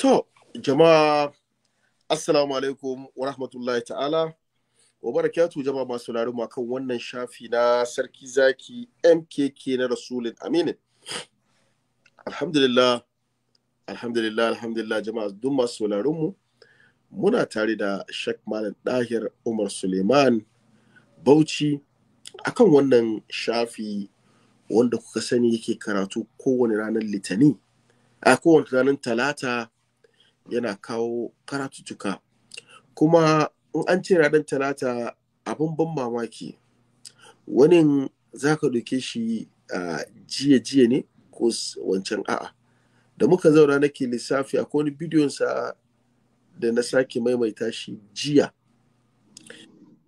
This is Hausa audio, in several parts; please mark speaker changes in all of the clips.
Speaker 1: To, jama'a, Assalamu alaikum wa rahmatullahi ta'ala. Wa barakatu jama'a masu laruma kan wannan shafi na Sarki Zaki MKK na Rasulun Aminin. Alhamdulillah, alhamdulillah, alhamdulillah jama'a duk masu mu muna tare da Sheikh Malam Dahir Umar Suleiman Bauchi akan wannan shafi wanda kuka sani yake karatu kowane ranar litani a kowane ranar talata yana kawo karatuttuka kuma in an ce ranar talata abin ban mamaki wani za ka doke shi a jiya jiya ne ko wancan a'a da muka zauna ke lissafi a wani bidiyonsa da na sake maimaita shi jiya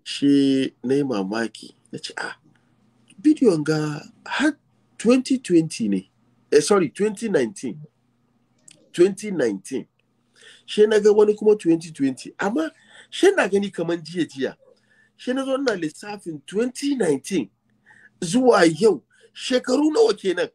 Speaker 1: shi na yi mamaki na ce a ah, bidiyon ga har 2020 ne eh sorry 2019 2019 she na ga wani kuma 2020 amma she na gani kamar jiya jiya she na zo na lissafin 2019 zuwa yau shekaru nawa kenan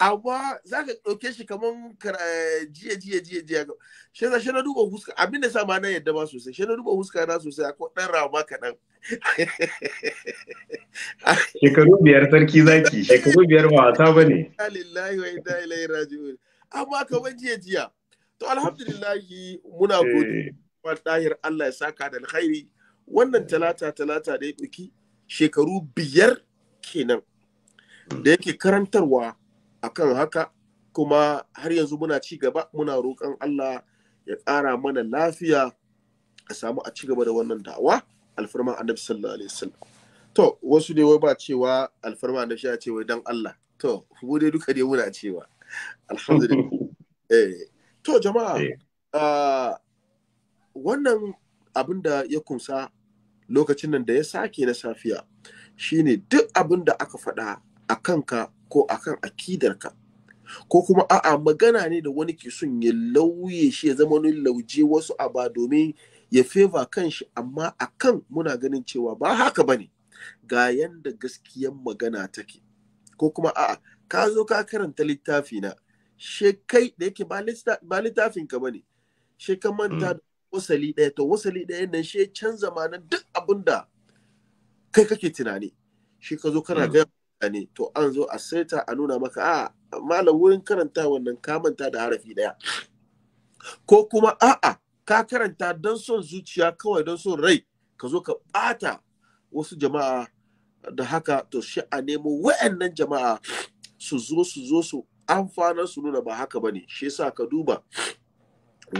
Speaker 1: amma za ka ɗauke shi kamar eh, jiya jiya jiya jiya shi na shi na duba huska abin da sama na yadda ba sosai shi na duba huska na sosai akwai ɗan rama kaɗan
Speaker 2: shekaru biyar sarki zaki shekaru biyar ba wasa ba ne wa inna
Speaker 1: ilaihi raji'un amma kamar jiya jiya To alhamdulillahi muna eh. godi ɗahir Allah ya saka da alkhairi wannan talata talata da ya ɗauki shekaru biyar kenan da yake karantarwa akan haka kuma har yanzu muna ci gaba muna roƙon Allah ya ƙara mana lafiya a samu a ci gaba da wannan da'awa alfarma annabi sallallahu alaihi wasallam to wasu ne wai ba cewa alfarma annabi ya ce wai dan Allah to mu dai duka dai muna cewa alhamdulillah eh To jama'a, eh. wannan abin da ya kunsa lokacin nan da ya sake na safiya shine duk abin da aka faɗa a kanka ko akan akidarka ko kuma a'a magana ne da wani ke son ya lauye shi ya zama wani lauje wasu ba domin ya feva shi, amma a kan muna ganin cewa ba haka ba ne. ga yanda gaskiyan magana take ko kuma a'a ka zo ka karanta littafi na Shekai da yake ba littafin ka bane she ka manta mm. da wasali ɗaya to wasali ɗaya nan shi canza ma nan duk abin da kai kake tunani shi ka zo kana mm. ne to an zo a saita a nuna maka a ah, malam wurin karanta wannan ka manta da harafi ɗaya ko kuma a'a ka karanta don son zuciya kawai don son rai ka zo ka ɓata wasu jama'a da haka to shi a nemo wa'annan jama'a su zo su zo su amfanar su nuna ba haka bane shi yasa ka duba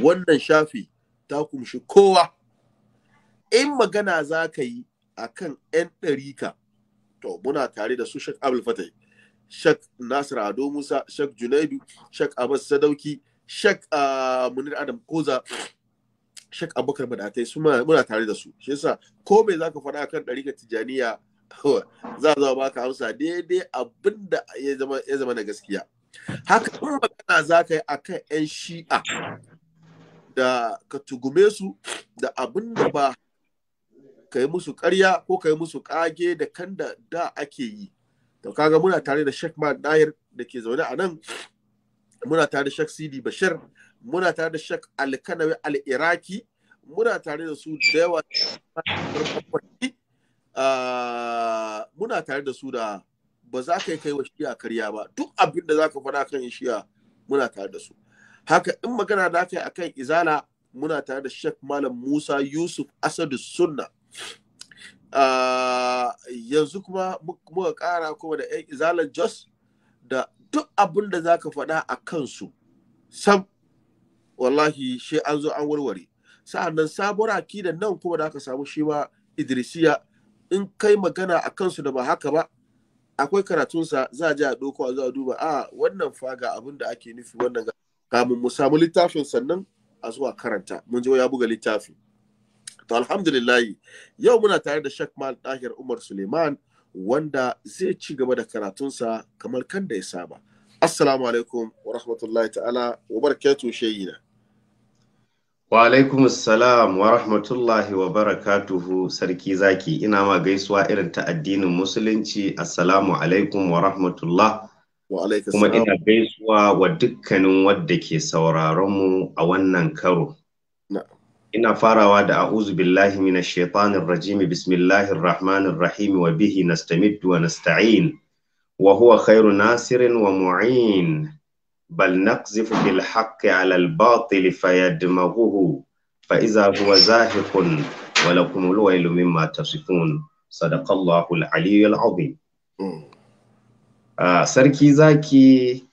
Speaker 1: wannan shafi ta kumshi kowa in magana za ka yi a kan 'yan ɗarika to muna tare da su shak abul fatai shak nasir ado musa shak junaidu shak abbas sadauki shak ah, munir adam koza shak abubakar madatai su muna tare da su shi yasa ko me za ka faɗa kan ɗarikar tijaniya za zama baka hamsa daidai abinda ya zama na gaskiya haka kuma magana za ka yi a kan 'yan shi'a da ka tugume su da abin da ba ka yi musu karya ko ka yi musu ƙage da kan da da ake yi to kaga muna tare da Sheikh ma Dahir da ke zaune a nan muna tare da shek Sidi Bashir muna tare da Sheikh Alkanawi Al-Iraki muna tare da su da yawa ah, muna tare da su da ba za ka kai wa shiya karya ba duk abin da za ka faɗa kan shiya muna tare da su haka in magana da kai kan izala muna tare da shek Malam Musa Yusuf Asadu Sunna ah, yanzu kuma muka ƙara kuma da 'yan Izalan Jos da duk abin da za ka faɗa a kansu sam wallahi shi an zo an warware sa'annan sabuwar akidan nan kuma da aka samu shi ma idrisiya in kai magana a kansu da ba haka ba akwai karatunsa za a je a ɗauko a zo a duba a wannan faga abin da ake nufi wannan kamun mu samu littafin sannan a zuwa karanta mun je ya buga littafi to alhamdulillah yau muna tare da Sheikh Mal Dahir Umar Suleiman wanda zai ci gaba da karatunsa kamar kan da ya saba assalamu alaikum wa rahmatullahi ta'ala
Speaker 2: wa barakatuhu shayyina Wa alaikum salam wa rahmatullahi wa barakatuhu sarki zaki ina ma gaisuwa irin ta addinin musulunci assalamu alaikum wa rahmatullah wa kuma ina gaisuwa wa dukkanin wadda ke sauraronmu a wannan karo. Ina farawa da a'uzu billahi minash shaitanir rajim bismillahir rahmanir rahim wa bihi nastamiddu wa nasta'in wa huwa khairu nasirin wa mu'in بل نقذف بالحق على الباطل فيدمغه فإذا هو زاهق ولكم الويل مما تصفون صدق الله العلي العظيم sarki zaki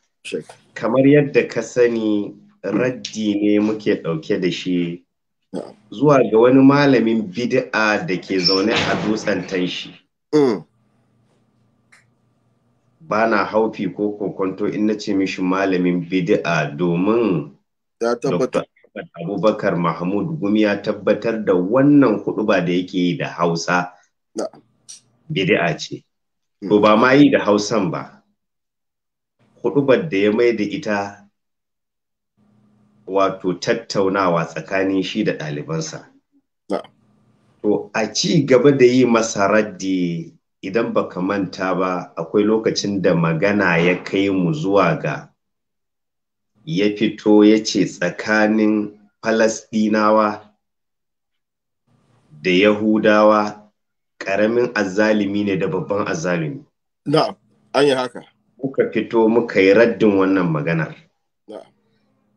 Speaker 2: kamar yadda ka sani raddi ne muke ɗauke da shi zuwa ga wani malamin bid'a da ke zaune a dutsen tanshi. bana haufi ko kokonto in na ce mishi malamin bid'a domin Abubakar Mahmud Gumi ya tabbatar da wannan ba da yake yi da Hausa bid'a ce hmm. to ba ma yi da Hausan ba kudubar da ya mai da ita wato tattaunawa tsakanin shi da ɗalibansa to a ci gaba da yi masa idan baka manta ba akwai lokacin da magana ya kai mu zuwa ga ya fito ya ce tsakanin falasɗinawa da yahudawa ƙaramin azalimi ne da babban azalimi na an yi haka muka fito muka yi raddin wannan maganar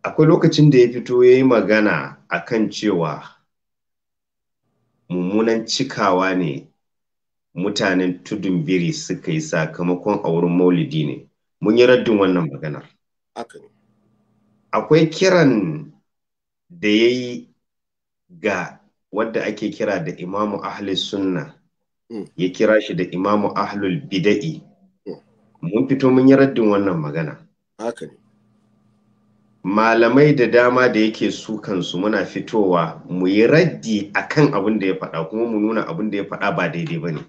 Speaker 2: akwai lokacin da ya fito ya yi magana akan cewa mummunan cikawa ne mutanen tudun biri suka yi sakamakon a wurin maulidi ne mun yi raddin wannan maganar akwai kiran da ya yi ga wadda ake kira da imamu ahli sunna hmm. ya kira shi da imamu ahlul bida'i hmm. mun fito mun yi raddin wannan magana malamai da dama da yake su muna fitowa mu yi raddi akan abin da ya faɗa kuma mu nuna abin da ya faɗa ba daidai ba ne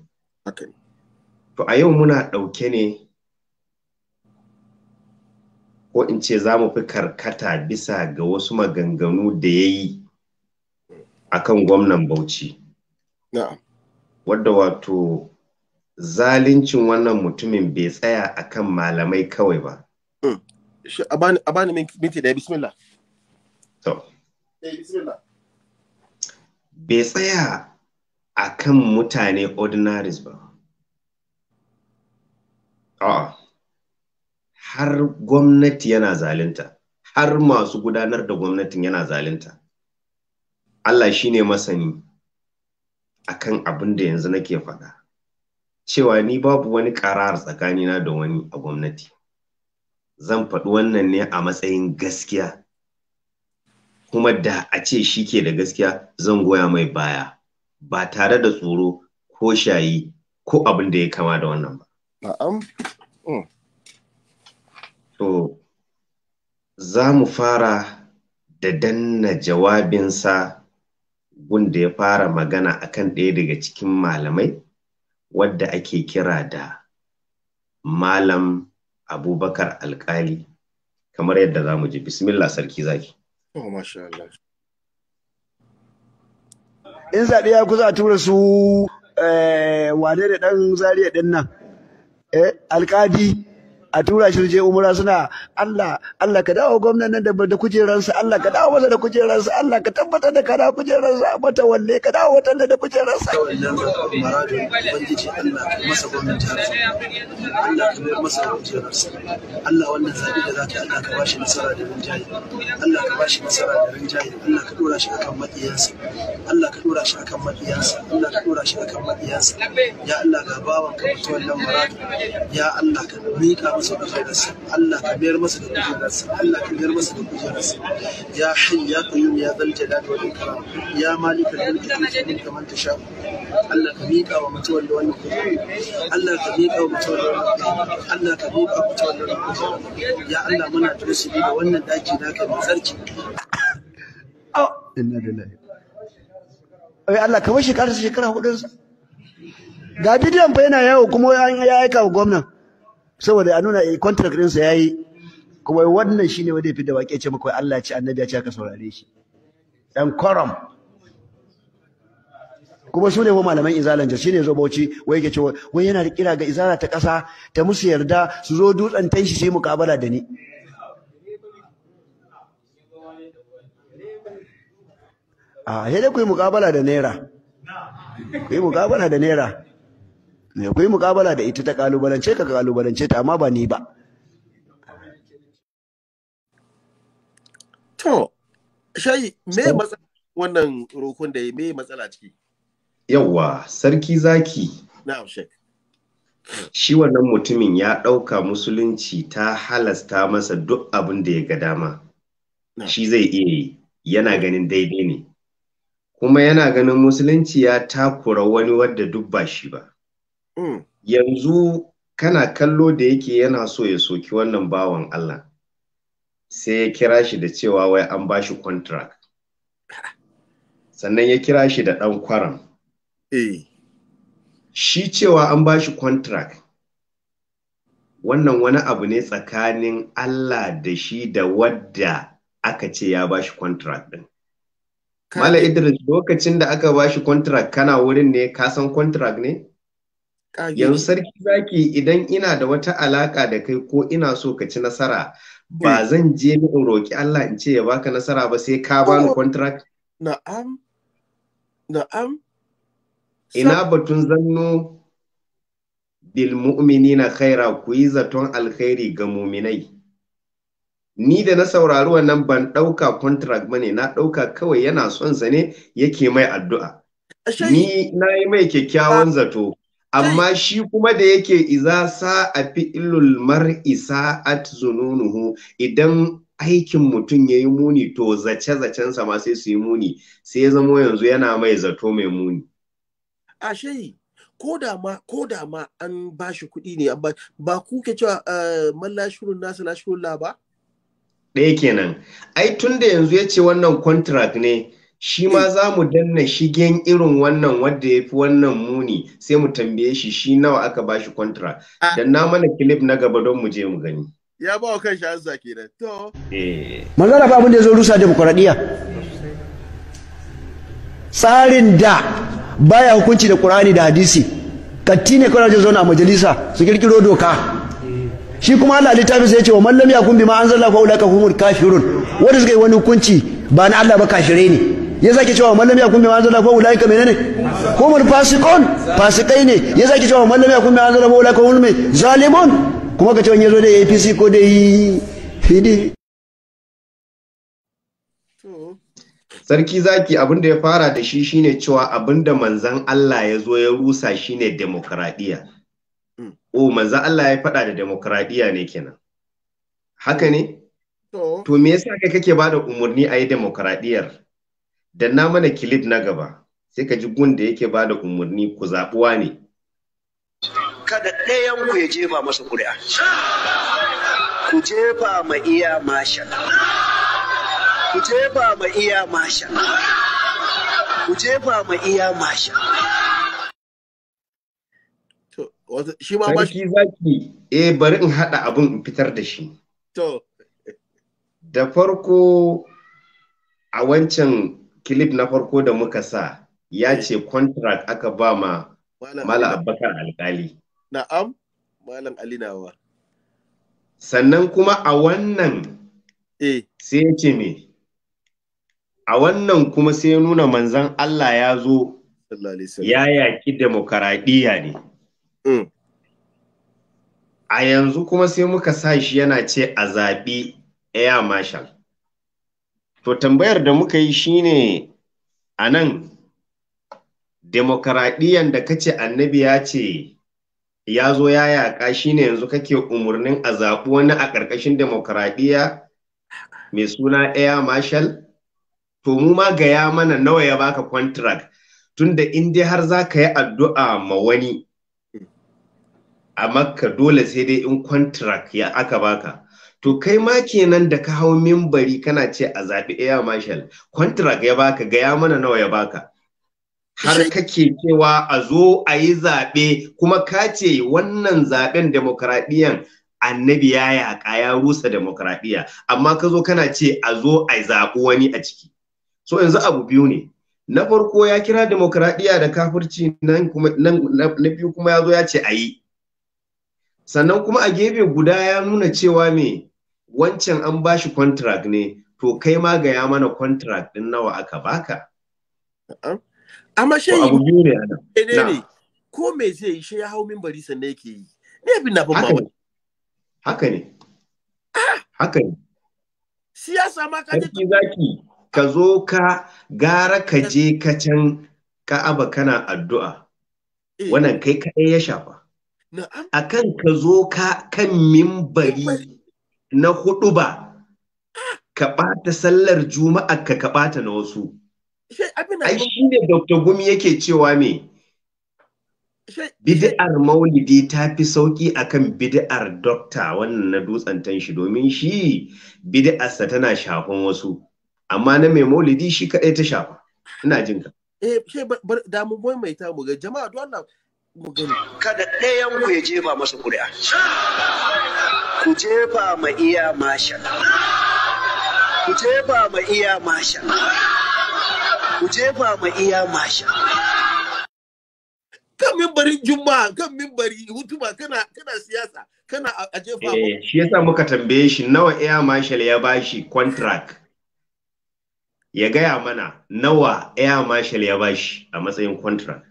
Speaker 2: haka ne to a yau muna ɗauke ne ko in ce za mu fi karkata bisa ga wasu maganganu da ya yi a kan gwamnan bauchi wadda wato zalincin wannan mutumin bai tsaya a kan malamai kawai ba hmm. a bani minti da bismillah to eh, bai tsaya a kan mutane ordinaries ba a'a ah, har gwamnati yana zalunta har masu gudanar da gwamnatin yana zalunta Allah shi ne masani akan abin da yanzu nake faɗa cewa ni babu wani ƙarar tsakanina da wani a gwamnati zan faɗi wannan ne a matsayin gaskiya kuma da a ce shi ke da gaskiya zan goya mai baya ba tare da tsoro ko shayi ko abin da ya kama da wannan ba. Na'am. Mm. To, za mu fara da danna jawabinsa wanda ya fara magana akan ɗaya daga cikin malamai wadda ake kira da Malam Abubakar Alkali, kamar yadda za mu ji. Bismillah Sarki Zaki.
Speaker 3: Oh, Allah. in zaɓe ya kusa a tura su eh, wane da ɗan zariya ɗin nan eh, alƙadi a tura shi je umra suna Allah Allah ka dawo gwamnan nan da da sa Allah ka dawo masa da sa Allah ka tabbatar da kana kujeransa a mata walle ka dawo watan da kujeransa wannan maradin
Speaker 4: ubangiji Allah ka masa ta Allah
Speaker 3: ka mayar masa sa Allah wannan zabi da zaka Allah ka bashi nasara da rinjaye Allah ka bashi nasara da rinjaye Allah ka dora shi akan makiyansa Allah ka dora shi akan makiyansa Allah ka dora shi akan makiyansa ya Allah ga bawan ka mutuwan nan maradin ya Allah ka mika musu kujerarsa Allah ka mayar masa da kujerarsa Allah ka masa da kujerarsa ya hayy ya qayyum ya zal jalal wal ikram ya mulk tasha Allah ka miƙa wa mutuwar da wannan kujera Allah ka miƙa wa mutuwar da
Speaker 4: wannan Allah ka miƙa wa mutuwar da wannan ya Allah muna tausiri
Speaker 3: da wannan daki naka mai tsarki ah! inna lillahi ai Allah kamar shekara shekara hudun ga bidiyon fa yana yawo kuma ya aika wa gwamnati saboda a nuna eh, contract din sa yayi kuma wannan shine wanda ya fi da waƙe ce muku Allah ya ce annabi ya ce aka saurare shi dan koram kuma su ne malaman izalan jar shine zo bauchi wai yake cewa wai yana da kira ga izala ta ƙasa ta musu yarda su zo dutsen tanshi sai mukabala da ni a ah, sai dai ku yi mukabala da naira ku yi mukabala da naira akwai mukabala da ita ta kalubalance ka kalubalance ta amma ba ni ba to
Speaker 1: shayi me matsala wannan rokon da ya me matsala ciki
Speaker 2: yawwa sarki zaki na'am shek shi wannan mutumin ya ɗauka musulunci ta halasta masa duk abin da ya ga dama shi zai iya yi yana ganin daidai ne kuma yana ganin musulunci ya takura wani wadda duk ba shi ba Mm. yanzu kana kallo da yake yana so ya soki wannan bawan Allah sai ya kira shi da cewa wai an ba shi contract sannan ya kira shi da ɗan kwaram eh. shi cewa an ba shi contract wannan wani abu ne tsakanin Allah da shi da wadda aka ce ya ba shi contract ɗin Mala Idris lokacin da aka ba shi contract kana wurin ne ka san contract ne? yanzu sarki zaki idan ina da wata alaka da kai ko ina so ka ci nasara ba hmm. zan je ni in roki Allah in ce ya baka nasara ba sai ka bani oh. contract
Speaker 1: na'am na'am
Speaker 2: ina batun zanno bil mu'minina khaira ku yi zaton alkhairi ga muminai ni da na saurari wannan ban ɗauka contract ba ne na ɗauka kawai yana son sa ne yake mai addu'a ni na yi mai kyakkyawan zato amma shi kuma da yake iza sa a fi'ilul mar'i sa'at zununuhu idan aikin mutum ya yi muni to zace-zacensa ma sai su yi muni sai ya zamo yanzu yana mai zato mai muni.
Speaker 1: A shayi, ko da ma ko da ma an ba shi kuɗi ne ba ku ke cewa eh, man nasa nasu lashirun la ba?
Speaker 2: Ɗaya kenan, ai tun da yanzu ya ce wannan contract ne shi ma za mu danna shigen irin wannan wadda ya fi wannan muni sai mu tambaye shi shi nawa aka ba shi kwantara ah. dan na mana kilif na gaba don mu je mu gani
Speaker 1: ya ba wa azza to
Speaker 2: eh
Speaker 3: manzara fa abin da zo rusa demokradiya tsarin da baya hukunci da Qur'ani da hadisi katti ne kawai zai zauna a majalisa su kirkiro doka shi kuma Allah littafi sai ya ce wa man bi ma an anzala fa ulaka humul kafirun wanda suka yi wani hukunci ba na Allah ba kafirai ne ya zaki cewa man lam yakun bima anzala ko ulaika menene humul fasikon? fasikai ne ya zaki cewa mallami akun mai bima anzala fa ulaika mai zalimun kuma ka ce yazo da APC ko da yi fidi?
Speaker 2: sarki zaki abinda ya fara da shi shine cewa abinda manzan Allah ya zo ya rusa shine demokradiya mm. o oh, manzan Allah ya faɗa da demokradiya ne kenan haka ne to me yasa kai kake bada umarni a yi demokradiyar na mana kilif na gaba sai ka ji gun da yake bada da umarni ku zaɓuwa ne
Speaker 3: kada ɗayan ku ya jefa masa ƙuri'a ku jefa ma iya masha ku jefa ma iya masha ku jefa ma iya masha shi ma ba shi zaki
Speaker 2: eh bari in hada abin in fitar da shi to da farko a wancan clip na farko da muka sa ya eh. ce contract aka ba ma Malam abakar Alkali. Na'am, Malam Alinawa. Sannan kuma a wannan eh. sai ya ce me? A wannan kuma sai ya nuna manzan Allah ya zo ya yaƙi demokaradiyya ne. Mm. A yanzu kuma sai muka sa shi yana ce a zaɓi Air Marshal. To tambayar da muka yi shine a nan, demokaradiyyar da kace annabi ya ce ya zo ya yaƙa shine yanzu kake umarnin a zaɓi wani a ƙarƙashin demokaradiyya mai suna Air Marshal? To mu ma gaya mana nawa ya baka contract tunda in dai har za ka yi addu'a ma wani a makka dole sai dai in contract ya aka baka. to kai ma kenan da ka hau mimbari kana ce a zaɓi air marshal contract ya baka gaya mana nawa ya baka har kake cewa a zo a yi zaɓe kuma ka ce wannan zaɓen demokradiyyan annabi ya yaƙa ya rusa demokradiyya amma ka zo kana ce a zo a zaɓi wani a ciki so yanzu abu biyu ne na farko ya kira demokradiyya da kafirci nan kuma na biyu kuma ya zo ya ce a yi sannan kuma a gefe guda ya nuna cewa me wancan an ba shi contract ne to kai ma gaya mana contract din nawa aka baka amma shi abu biyu ne eh, eh,
Speaker 1: ko me zai yi shi ya hau bari sannan yake yi ne bin na ban
Speaker 2: mamaki haka ne ah! haka ne
Speaker 1: siyasa
Speaker 4: ma
Speaker 2: ka ji zaki ka zo ka gara ka je ka can ka'aba kana addu'a eh. wannan kai kaɗai ya shafa akan ka zo ka kan mimbari na hudu ba ka ɓata sallar juma'a ka ka ɓata na wasu ai shi ne dr gumi yake cewa me bid'ar maulidi ta fi sauƙi akan bid'ar dokta wannan na dutsen tanshi domin shi sa tana shafan wasu amma na mai maulidi shi kaɗai ta shafa ina jin ka
Speaker 1: eh sai bar da
Speaker 3: mu boy mai ta mu ga jama'a don Allah mu gani kada ɗayan ku ya jefa masa ƙuri'a ku jefa ma iya masha ku jefa ma iya masha ku jefa ma iya masha
Speaker 1: kan mimbarin juma'a kan minbari hutuma kana kana siyasa kana a jefa
Speaker 2: eh shi yasa muka tambaye shi nawa iya marshal ya bashi contract ya gaya mana nawa air marshal ya bashi a matsayin contract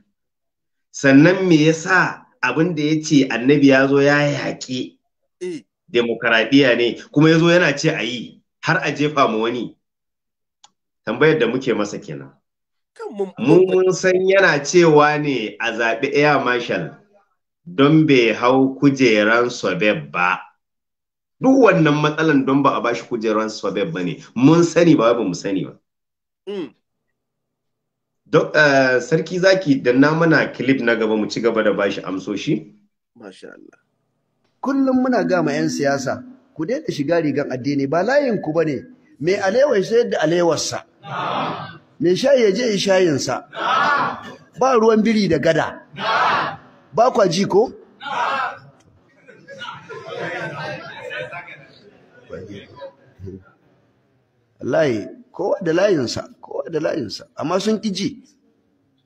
Speaker 2: sannan me yasa abin da ya ce annabi ya zo ya haƙi? Eh. demokaradiyya ne kuma yazo yana ce a yi har a jefa mu wani tambayar da muke masa kenan mun san yana cewa ne a zaɓi air marshal don bai hau kujeran sobeb ba duk wannan matsalan don ba a bashi kujeran sobeb ba ne mun sani ba ba mu sani ba mm. eh, sarki zaki da na mana clip na gaba mu ci gaba da bashi amsoshi? Masha
Speaker 3: kullum muna gama 'yan siyasa ku daina shiga rigan addini ba layinku ba ne. mai alewai sai da alewarsa mai shayi ya je shayinsa ba ruwan biri da gada ba kwa ji ko layi kowa da layinsa kowa da layinsa amma sun ki ji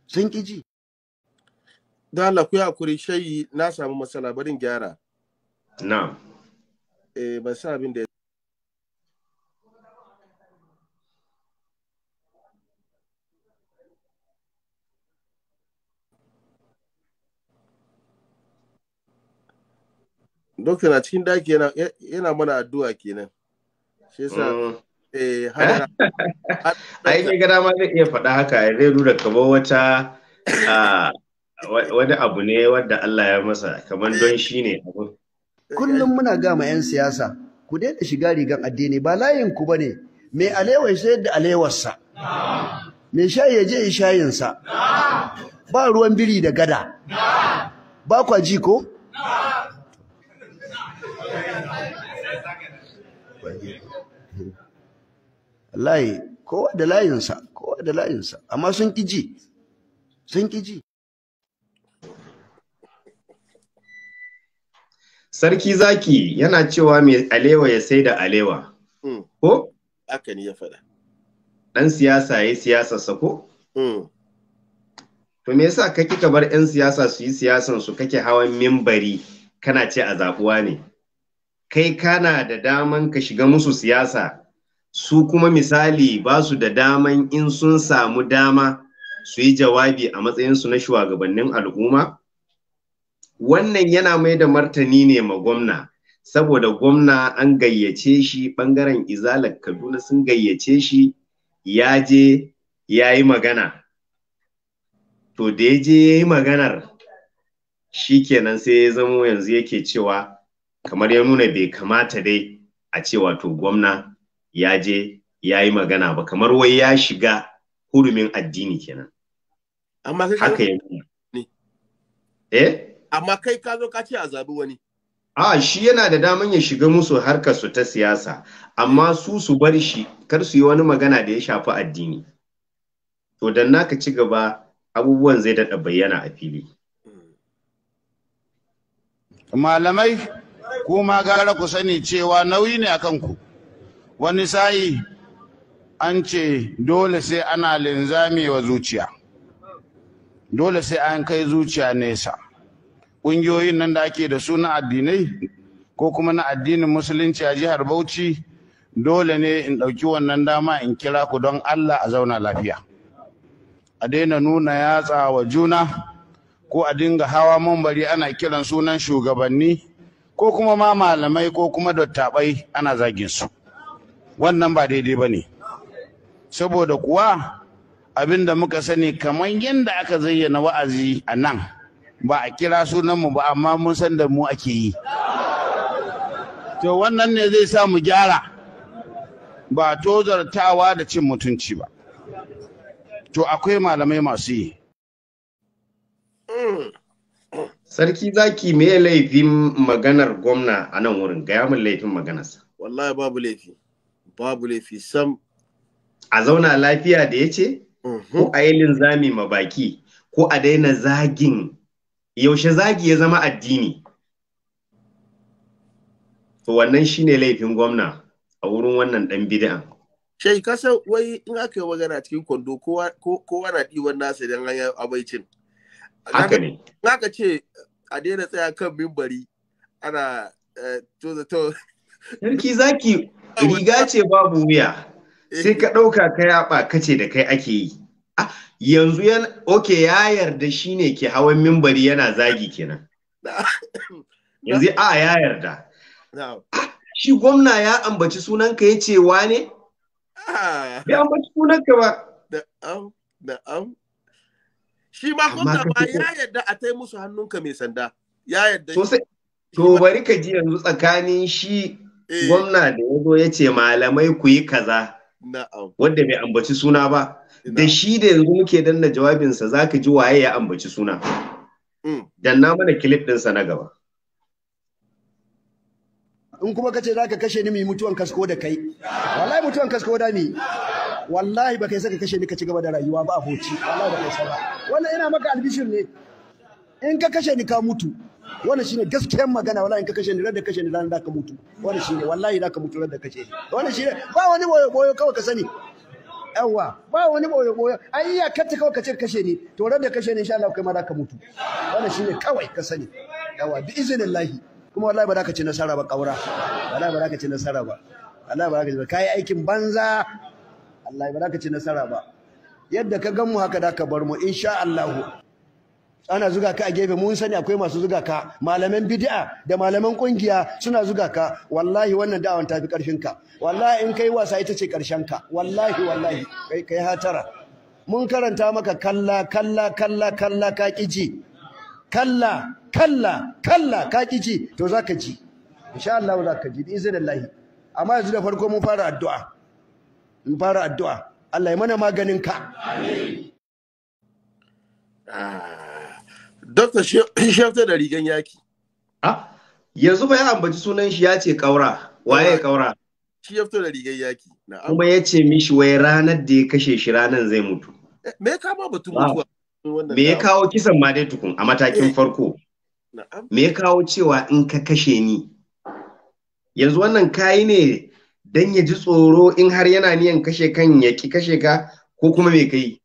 Speaker 3: sun ki
Speaker 1: ji da Allah ku yi hakuri shayi na samu matsala barin gyara na'am eh ba sa abin da ya na cikin daki yana mana addu'a kenan. Shi yasa mm.
Speaker 2: eh har ai ke ma zai iya faɗa haka zai nuna kamar wata ah, wani abu ne wanda Allah ya masa kamar don eh. shi ne abu.
Speaker 3: kullum muna gama 'yan siyasa ku daina shiga rigan addini ba layin ku ne. mai alewai sai da alewarsa mai shayi ya je shayinsa ba ruwan biri da gada ba kwa ji ko layi kowa da layinsa kowa da layinsa amma sun ƙi ji sun ƙi ji
Speaker 2: sarki zaki yana cewa mai alewa ya sai da alewa hmm. ko haka ne ya faɗa ɗan siyasa ya siyasa sako hmm. to me yasa kake ka bar 'yan siyasa su yi siyasan su kake hawan mimbari kana ce a zaɓuwa ne kai kana da daman ka shiga musu siyasa su kuma misali ba su da daman in sun samu dama su yi jawabi a matsayinsu na shugabannin al'umma wannan yana mai da martani ne ma gwamna saboda gwamna an gayyace shi bangaren izalar kaduna sun gayyace shi ya je ya yi magana to da ya je ya yi maganar shi kenan sai ya zamo yanzu yake cewa kamar ya nuna bai kamata dai a cewa to gwamna ya je ya yi magana ba kamar wai ya shiga hurumin addini kenan haka ya eh
Speaker 1: amma kai ka zo ka ce a zabi wani
Speaker 2: a shi yana da daman ya shiga musu harkar su ta siyasa amma su su bar shi kar su yi wani magana da ya shafi addini to dan naka ci gaba abubuwan
Speaker 5: zai daɗa bayyana a fili malamai kuma gara ku sani cewa nauyi ne a kanku wani sa'i an ce dole sai ana linzamewa wa zuciya dole sai an kai zuciya nesa ƙungiyoyin nan da ake da su na addinai ko kuma na addinin musulunci a jihar Bauchi dole ne in ɗauki wannan dama in kira ku don Allah a zauna lafiya. A daina nuna yatsa wa juna ko a dinga hawa mambari ana kiran sunan shugabanni ko kuma ma malamai ko kuma dattabai ana zagin su. Wannan ba daidai ba ne. Saboda kuwa abin da muka sani kamar yadda aka zayyana wa'azi a nan. ba a kira sunanmu ba amma mun san da mu ake yi to wannan ne zai sa mu gyara ba tozartawa da cin mutunci ba to akwai malamai masu yi sarki zaki me laifin maganar
Speaker 2: gwamna a nan wurin gaya min laifin maganarsa wallahi babu laifi babu laifi sam a zauna lafiya da ya ce ko mhm. a yi linzami ma baki ko a daina zagin yaushe zagi ya zama addini to wannan shine laifin gwamna a wurin wannan dan bid'an
Speaker 1: shai kasa wai in aka yi magana cikin kwando kowa na ɗiwon nasa idan an yi abaicin haka ne in aka ce a daina tsaya kan mimbari ana
Speaker 2: eh, toza to sarki zaki riga ce babu wuya eh. sai ka ɗauka kai a kace da kai ake yi Ah, yanzu yana okay ya yarda shi ne ke hawan mimbari yana zagi kenan yanzu a ah, ya yarda ah, shi gwamna ya ambaci sunanka ya ce wane Ya ambaci sunanka ba da am shi ma gwamna ba ya yarda a tai musu hannunka mai sanda ya yarda to bari ka ji yanzu tsakanin shi eh. gwamna da ya zo ya ce malamai ku yi kaza wadda bai ambaci suna ba da shi da yanzu muke danna jawabinsa za ka ji waye ya ambaci suna mm. danna mana clip ɗinsa na gaba
Speaker 3: in kuma ka ce za ka kashe ni mu mutuwan kasko da kai wallahi mutuwan kasko da ni wallahi ba kai saka kashe ni ka ci gaba da rayuwa ba hoci wallahi ba kai saba wannan ina maka albishir ne in ka kashe ni ka mutu wannan shine gaskiyar magana wallahi in ka kashe ni da kashe ni ranar da ka mutu wannan shine wallahi da ka mutu ranar da kashe ni wannan shine ba wani boyo boyo kawai ka sani yawa ba wani boye boye an iya kace kawai kace kashe ni to ran da kashe ni insha Allah kai ma za ka mutu wannan shine kawai ka sani yawa bi iznillahi kuma wallahi ba za ka ci nasara ba kaura wallahi ba za ka ci nasara ba wallahi ba za ka ci kai aikin banza wallahi ba za ka ci nasara ba yadda ka gan mu haka da ka bar mu insha Allah ana zuga ka a gefe mun sani akwai masu zuga ka malaman bid'a da malaman kungiya suna zuga ka wallahi wannan da'awan tafi karfin ka wallahi in kai wasa ita ce karshen ka wallahi wallahi kai kai hatara mun karanta maka kalla kalla kalla kalla ka kiji kalla kalla kalla ka kiji to zaka ji insha Allah zaka ji bi iznillahi amma yanzu da farko mun fara addu'a mun fara addu'a Allah ya mana maganin ka amin
Speaker 1: ah. Dokta shafta da rigan yaki. Yanzu ba
Speaker 2: ya ambaci sunan shi ya ce kaura, waye kaura?
Speaker 1: Shi da rigan yaki. Kuma
Speaker 2: ya ce mishi wai ranar da ya kashe shi ranar zai mutu.
Speaker 1: Eh, me ya kama batun
Speaker 2: mutuwa? Me ya kawo kisan ma dai tukun a matakin eh. farko? Me ya kawo cewa in ka kashe ni? Yanzu wannan kayi ne don ya ji tsoro in har yana niyan kashe kan ya ki kashe ka ko kuma me kai?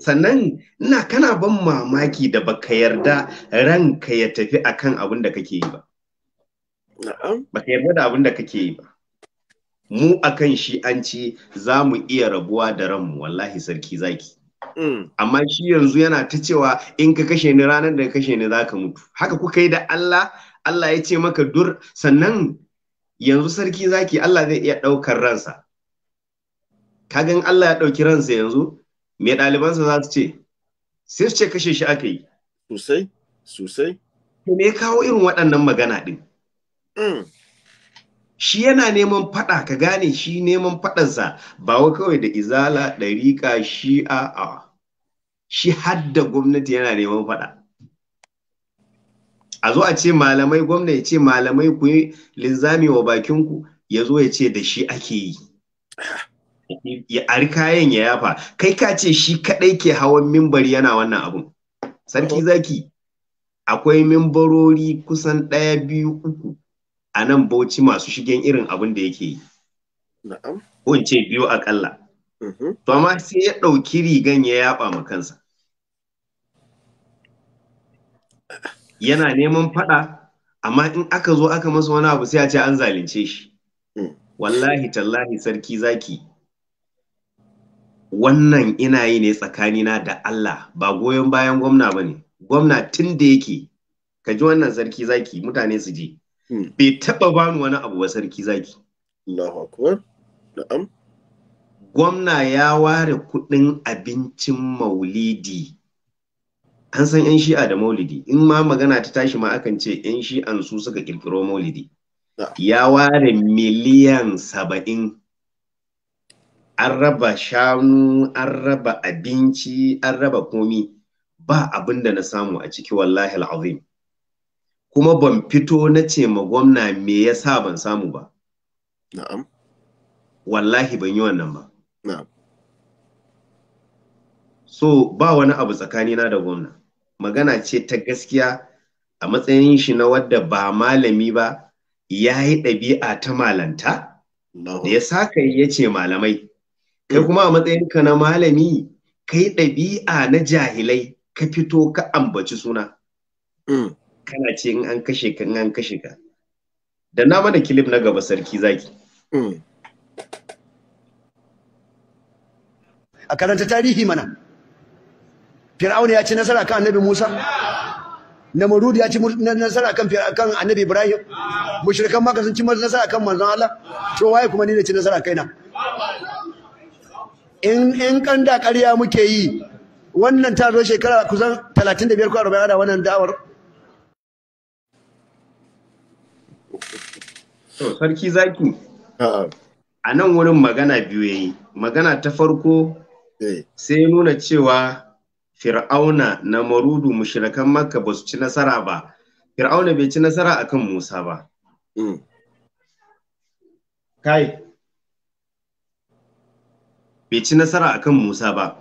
Speaker 2: sannan ina kana ban mamaki da baka yarda ranka ya tafi akan abin da kake yi ba baka yarda da abin da kake yi ba mu akan shi an ci za mu iya rabuwa da ranmu wallahi sarki zaki mm. amma shi yanzu yana ta cewa in ka kashe ni ranar da ka kashe ni zaka mutu haka kuka yi da Allah Allah ya ce maka dur sannan yanzu sarki zaki Allah zai iya ɗaukar ransa Ka kagan Allah ya ɗauki ransa yanzu me ɗalibansa za su ce sai su ce kashe shi aka yi sosai sosai me kawo irin waɗannan magana ɗin mm. shi yana neman faɗa ka gane shi neman faɗansa ba wa kawai da izala ɗariƙa shi a shi hadda gwamnati yana neman faɗa a zo a ce malamai gwamna ya ce malamai ku yi linzami wa bakinku ya zo ya ce da shi ake yi ah. ya ari kayan ya yafa kai ka ce shi kadai ke hawan mimbari yana wannan abun sarki zaki akwai mimbarori kusan ɗaya biyu uku a nan bauchi masu shigen irin abun da yake yi ko ce biyu akalla mm-hmm. to amma sai ya ɗauki rigan ya yaba ma kansa yana neman faɗa amma in aka zo aka masa wani abu sai a ce an zalunce shi mm. wallahi tallahi sarki zaki wannan ina yi ne tsakanina da Allah ba goyon bayan gwamna ba ne gwamna tun da yake ka ji wannan sarki zaki mutane su je hmm. bai taɓa bani wani abu ba sarki zaki gwamna ya ware kuɗin abincin maulidi an san 'yan shi'a da maulidi in ma magana ta tashi ma akan ce 'yan shi'an su suka kirkiro maulidi ya ware miliyan saba'in an raba shanu an raba abinci an raba komi ba abin da na samu a ciki wallahi al'azim kuma ban fito na ce ma gwamna me ya sa ban samu ba na'am wallahi ban yi wannan ba na'am so ba wani abu tsakani na da gwamna magana ce ta gaskiya a matsayin shi na wadda ba malami ba ya yi ɗabi'a ta malanta da ya sa yi ya ce malamai kai kuma a matsayin ka na malami kai ɗabi'a na jahilai ka fito ka ambaci suna mm. kana ce in an kashe ka in an kashe ka da na mana kilif na gaba sarki zaki mm.
Speaker 3: a karanta tarihi mana fir'auna ya ci nasara kan annabi musa namrud ya ci nasara kan kan annabi ibrahim mushrikan maka sun ci nasara kan manzon allah to waye kuma ni ne ci nasara kaina in in da ƙarya muke yi wannan ta zo shekara kusan 35 ko 40 ana wannan da'awar
Speaker 2: to sarki zaki a nan wurin magana biyu yayi magana ta farko eh. sai nuna cewa fir'auna na marudu mushrikan makka ba su ci nasara ba fir'auna bai ci nasara akan musa ba mm. kai bai ci nasara akan Musa ba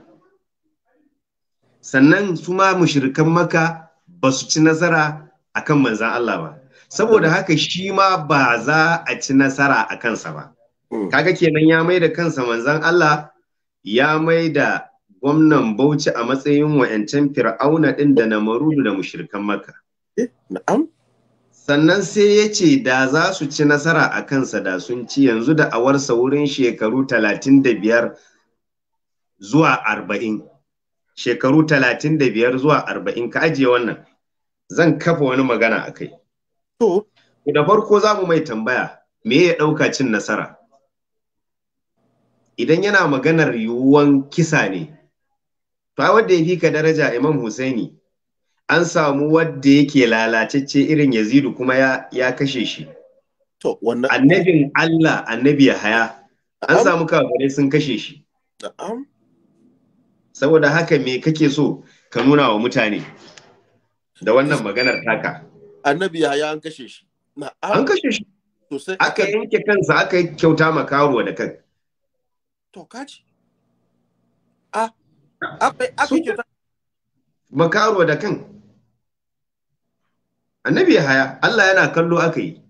Speaker 2: sannan su ma mushirikan maka ba su ci nasara akan manzan Allah ba saboda haka shi ma ba za a ci nasara a kansa ba hmm. kaga kenan ya mai da kansa manzan Allah ya mai da gwamnan Bauchi a matsayin wa'yancan fir'auna ɗin da namarudu da mushirikan maka eh, sannan sai ya ce da za su ci nasara a kansa da sun ci yanzu da awarsa wurin shekaru talatin da biyar zuwa arba'in shekaru talatin da biyar zuwa arba'in ka ajiye wannan zan kafa wani magana a kai to da farko za mu mai tambaya me ya ɗauka cin nasara idan yana maganar yiwuwan kisa ne to a wadda ya fi ka daraja imam husaini an samu wadda yake lalacecce irin yazidu kuma ya, kashe shi to annabin allah annabi ya haya an samu kafirai sun kashe shi saboda haka me kake so ka nuna wa mutane da wannan maganar taka annabi ya an kashe shi ah, an kashe shi sosai aka yanke kansa aka yi kyauta ma karuwa da kan to kaji a ah, aka kyauta makaruwa da kan annabi ya haya Allah yana kallo aka yi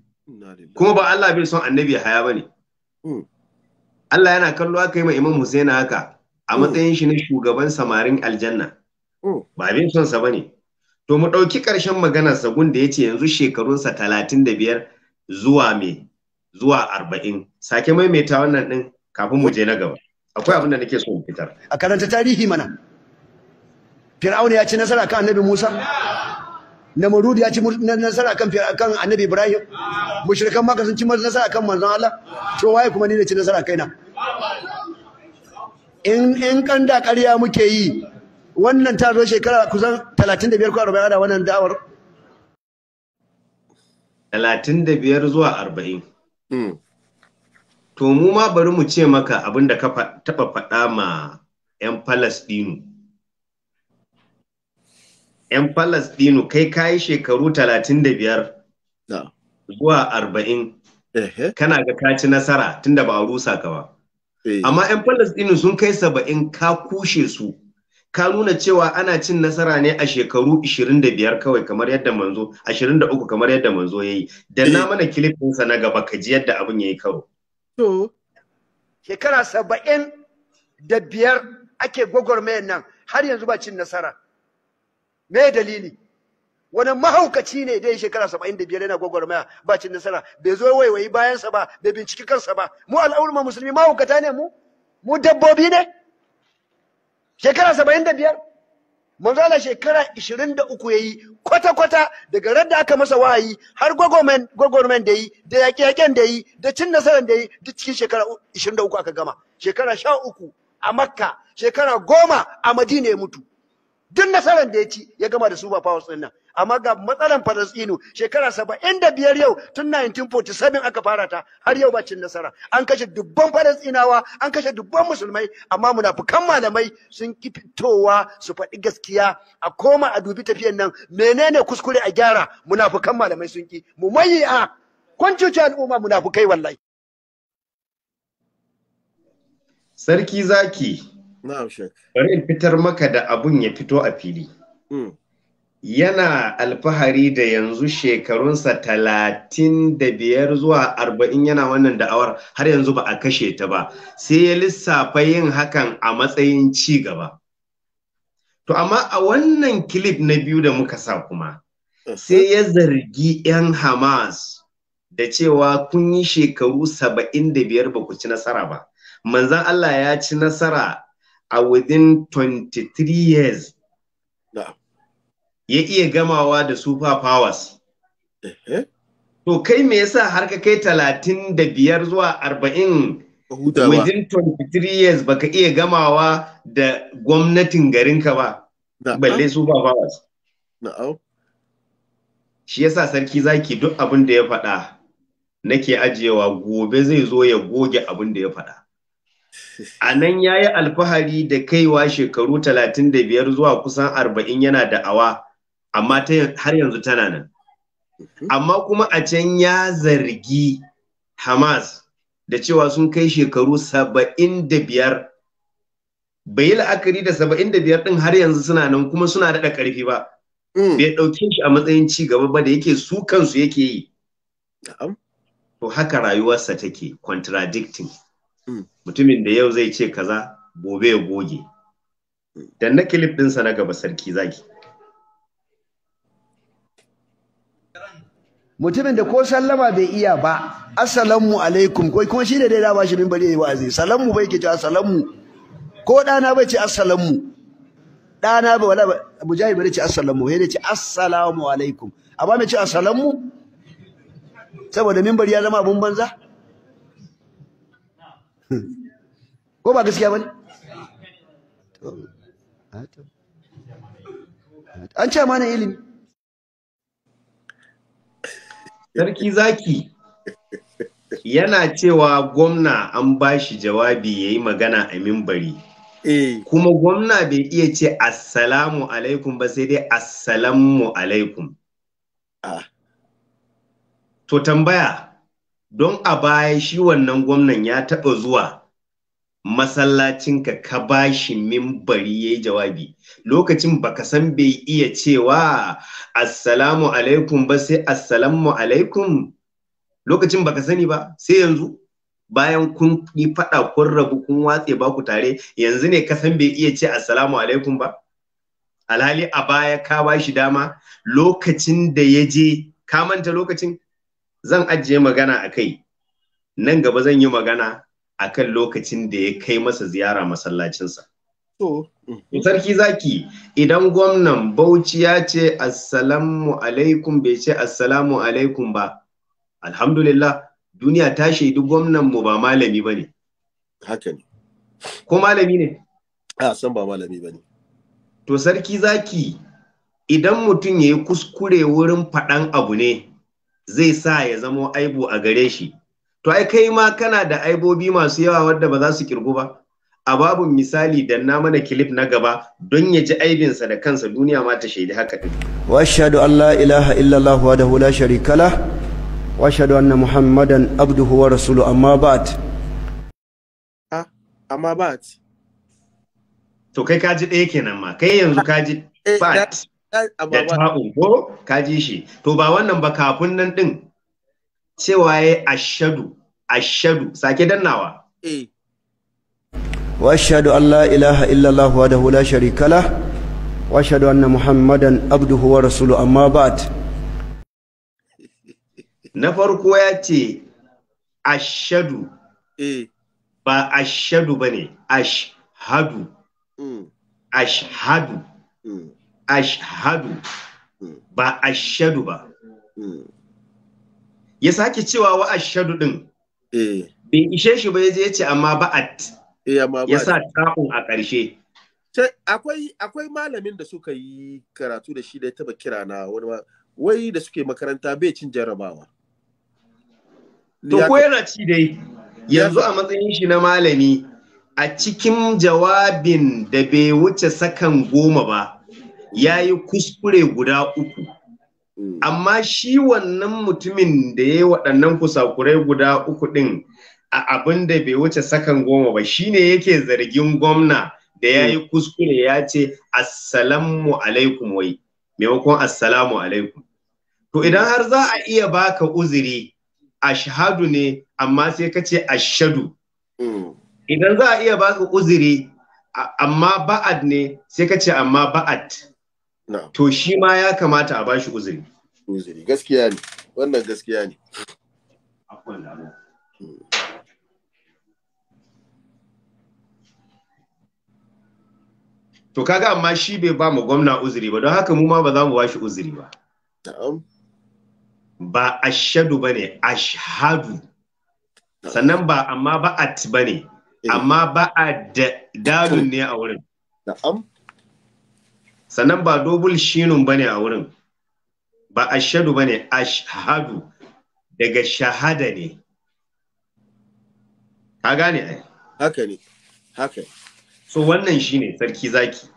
Speaker 2: kuma ba Allah bin son annabi ya haya ba ne hmm. Allah yana kallo aka yi ma Imam Hussein haka a mm. matsayin shi na shugaban samarin aljanna mm. ba abin son sa bane to mu ɗauki ƙarshen maganar sa gunda yace yanzu shekarun talatin da biyar zuwa me zuwa arba'in sake maimaita wannan din kafin mu je na
Speaker 3: gaba akwai abin da nake so mu fitar a karanta tarihi mana fir'auna ya ci nasara kan annabi musa namrud ya ci nasara kan kan annabi ibrahim mushrikan maka sun ci nasara kan manzon allah to waye kuma ni ne ci nasara kaina in kan da ƙarya muke yi wannan ta zo shekara kusan 35 ko 40 ana wannan da'awar
Speaker 2: 35 zuwa 40 hmm. to mu ma bari mu ce maka abin da ka taba faɗa ma 'yan Falasɗinu 'yan Falasɗinu kai kayi shekaru 35 zuwa 40 kana ga kaci nasara tunda ba a rusa ka ba Eh. Amma 'yan Falasɗinu sun kai saba'in ka kushe su, ka nuna cewa ana cin nasara ne a shekaru 25 kawai kamar yadda manzo, 23 kamar yadda manzo ya yi. Da eh. na mana kilifinsa na gaba ka ji yadda abin ya yi karo.
Speaker 3: To, shekara saba'in da biyar ake gwagwarmayar nan har yanzu ba cin nasara. Me dalili? wani mahaukaci ne dai shekara saba'in da biyar yana gwagwarmaya ba cin nasara bai zo waiwayi bayansa ba bai binciki kansa ba mu al'umma musulmi mahaukata ne mu mu dabbobi ne shekara saba'in da biyar manzala shekara ishirin da uku ya yi kwata-kwata daga radda aka masa wahayi har gwagwarmen da yi da yaƙe-yaƙen da yi da cin nasara da yi duk cikin shekara ishirin da uku aka gama shekara sha uku a makka shekara goma a madina ya mutu duk nasarar da ya ci ya gama da su ba powers ɗin nan amma ga matsalan falastinu shekara saba'in da biyar yau tun 1947 aka fara ta har yau ba cin nasara an kashe dubban falastinawa an kashe dubban musulmai amma munafukan malamai sun ki fitowa su faɗi gaskiya a koma a dubi tafiyan nan menene kuskure a gyara munafukan malamai sun ki mu a kun cuci al'umma munafukai wallahi
Speaker 2: sarki zaki na'am shek bari fitar maka da abun ya fito a fili hmm. yana alfahari da yanzu shekarunsa talatin da biyar zuwa arba'in yana wannan da'awar har yanzu ba a kashe ta ba sai ya lissafa yin hakan a matsayin ci gaba to amma a wannan kilip na biyu da muka sa kuma sai ya zargi 'yan hamas da cewa kun yi shekaru saba'in da biyar ba ku ci nasara ba manzan allah ya ci nasara a within 23 years ya iya gamawa da super powers to kai me yasa har ka kai talatin da biyar zuwa arba'in within 23 years baka iya gamawa da gwamnatin garinka ba balle super powers na'am shi yasa sarki zaki duk abin da ya faɗa nake ajiyewa gobe zai zo ya goge abin da ya faɗa. A nan ya yi alfahari da kaiwa shekaru 35 zuwa kusan 40 yana da awa amma har yanzu tana nan mhm. amma kuma a can ya zargi hamas da cewa sun kai shekaru saba'in da biyar bai yi la'akari da saba'in da biyar ɗin har yanzu suna nan kuma suna daɗa ƙarfi ba mm. bai ɗauke shi a matsayin ci gaba ba da yake su kansu yake yi to haka rayuwarsa take contradicting mm. mutumin da yau zai ce kaza gobe ya goge mm. dan na kilif ɗinsa na gaba sarki zaki
Speaker 3: mutumin da ko sallama bai iya ba assalamu alaikum ko kuma shi da dai da bashi min bari yayi wa'azi salamu bai ke ce assalamu ko dana bai ce assalamu dana bai wala mujahid bai ce assalamu sai dai ce assalamu alaikum amma mai ce assalamu saboda bari ya zama abun banza ko ba gaskiya bane an ce mana ilimi
Speaker 2: Sarki zaki yana cewa gwamna an ba shi jawabi ya yi magana a mimbari. Eh. Kuma gwamna bai iya ce assalamu alaikum ba sai dai assalamu alaikum. Ah. To tambaya, don a baya shi wannan gwamnan ya taɓa zuwa masallacinka ka bashi mimbari yayi jawabi lokacin baka san bai iya cewa assalamu alaikum ba sai assalamu alaikum lokacin baka sani ba sai yanzu bayan kun yi faɗa kun rabu kun watse ba ku tare yanzu ne ka san bai iya ce assalamu alaikum ba alhali a baya ka ba shi dama lokacin da ya je ka manta lokacin zan ajiye magana a kai nan gaba zan yi magana akan lokacin da ya kai masa ziyara masallacinsa. Sarki zaki idan gwamnan Bauchi ya ce assalamu alaikum bai ce assalamu alaikum ba, alhamdulillah duniya ta shaidu gwamnan mu ba malami ba ne. Haka ne. Ko malami ne? A san ba malami ba ne. To sarki zaki idan mutum ya yi kuskure wurin faɗan abu ne zai sa ya zamo aibu a gare shi. to ai kai ma kana da aibobi masu yawa wadda ba za su kirgu ba a babu misali dan na mana kilif na gaba don ya ji aibinsa da kansa duniya ma ta shaidi haka din
Speaker 3: wa ashhadu an la ilaha illallah wa la sharika la wa ashhadu anna muhammadan abduhu wa rasuluhu amma ba'd
Speaker 2: amma ba'd to kai kaji ɗaya kenan ma kai yanzu kaji eh, ba'd da ta'u ko kaji shi to ba wannan ba kafin nan din cewa ya ashadu ashadu sake dannawa eh.
Speaker 3: wa ashhadu an la ilaha illallah wahdahu la sharika lah wa ashhadu anna muhammadan abduhu wa rasuluhu amma ba'd
Speaker 2: na farko ya ce ashadu eh. ba ashadu ba ne ashadu mm. ashadu mm. ashadu mm. ba ashadu ba ya sake cewa wa ashadu din Eh. bai ishe shi ba ya ce amma ba'at eh, ya sa ta'un a ƙarshe
Speaker 1: akwai malamin da suka yi karatu da shi da ya taba kira na wani wai da suke makaranta bai cin jarabawa.
Speaker 2: to ko yana ci dai yanzu a matsayin shi na malami a cikin jawabin da bai wuce sakan goma ba ya yi kuskure guda uku Hmm. amma shi wannan mutumin da ya yi waɗannan kusakurai guda uku ɗin a abin da bai wuce sakan goma ba shine yake zargin gwamna da ya yi hmm. kuskure ya ce assalamu alaikum wai maimakon assalamu alaikum to hmm. idan har za a iya baka uzuri ashhadu ne amma sai ka ce ashadu idan za a iya baka uzuri amma ba'ad ne sai ka ce amma ba'ad to shi ma ya kamata a bashi uzuri uzuri gaskiya ne wannan gaskiya ne to kaga amma shi bai ba mu gwamna uzuri ba don haka mu ma ba za mu bashi uzuri ba ba ashadu ba ne ashadu sannan ba amma ba at ba ne eh. amma ba a dalun ne a wurin sannan ba dobul shinun bane a wurin ba ashadu bane Ashadu daga shahada ne ka gane ai haka ne haka so wannan shine sarki zaki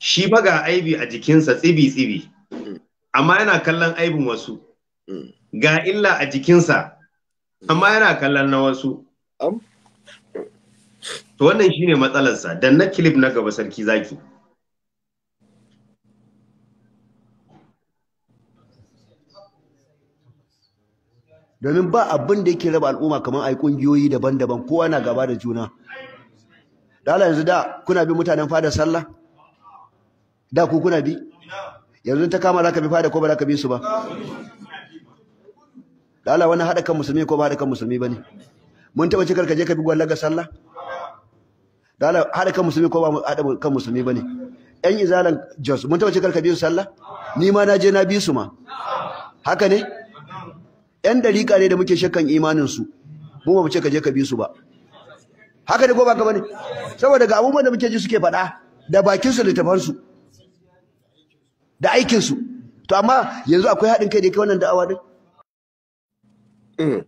Speaker 2: shi ba ga aibi a jikinsa tsibi tsibi hmm. amma yana kallon aibin wasu hmm. ga illa a jikinsa amma yana kallon na wasu to wannan shine matsalarsa dan na clip na gaba sarki zaki
Speaker 3: domin ba abin da yake raba al'umma kamar ai kungiyoyi daban-daban kowa na gaba da juna da ala yanzu da kuna bi mutanen fada sallah da ku kuna bi yanzu ta kama zaka bi fada ko ba zaka bi su ba da ala wani hada kan musulmi ko ba hada kan musulmi bane mun taba cikar ka je ka bi gwalla ga sallah da ala hada kan musulmi ko ba hada kan musulmi bane yan izalan jos mun taba cikar ka bi su sallah ni ma na je na bi su ma haka ne yan dariƙa ne da muke shakkan imaninsu, mu ba mu ce ka je ka bi su ba haka da ba ka bane saboda ga abubuwan da muke ji suke faɗa da bakinsu da tafarsu da aikinsu, to amma yanzu akwai haɗin kai da yake wannan da'awa din mm.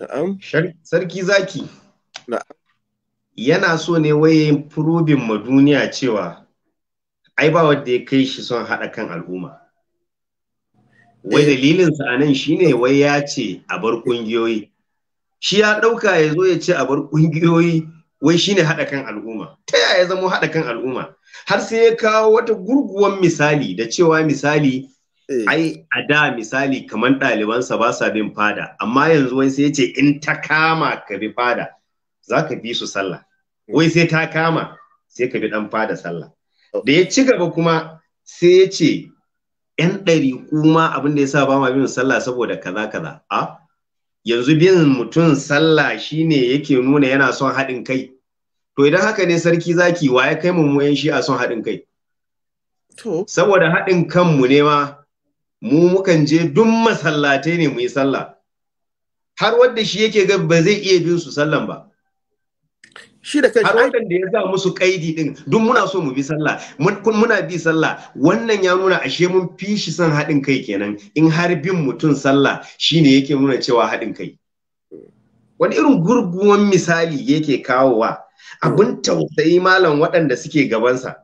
Speaker 3: Na'am. Sarki zaki.
Speaker 2: Na'am. Yana so ne waye probin ma duniya cewa ai ba wanda ya kai shi son haɗa kan al'umma. wai eh. dalilinsa a nan shine wai ya ce a bar kungiyoyi shi ya ɗauka ya zo ya ce a bar kungiyoyi wai shine haɗa kan al'umma ta yaya ya zama haɗa kan al'umma har sai ya kawo wata gurguwan misali da cewa misali eh. ai a da misali kamar ɗalibansa ba sa bin fada amma yanzu wai sai ya ce in ta kama ka bi fada za ka bi su sallah hmm. wai sai ta kama sai ka bi dan fada sallah oh. da ya ci gaba kuma sai ya ce 'yan ɗari kuma abin da ya sa ba ma bin sallah saboda kaza kaza a yanzu bin mutum sallah shine yake nuna yana son haɗin kai to idan haka ne sarki zaki wa ya kai mu yan a son haɗin kai saboda haɗin kanmu ne ma mu mukan je duk masallatai ne mu yi sallah har wanda shi yake ga ba zai iya bin su sallan ba shi da kai waɗanda ya sa musu kaidi din duk muna so mu bi sallah kun muna bi sallah wannan ya nuna ashe mun fi shi son haɗin kai kenan in har bin mutum sallah shine yake nuna cewa haɗin kai wani irin gurguwan misali yake kawowa abin tausayi malam waɗanda suke gabansa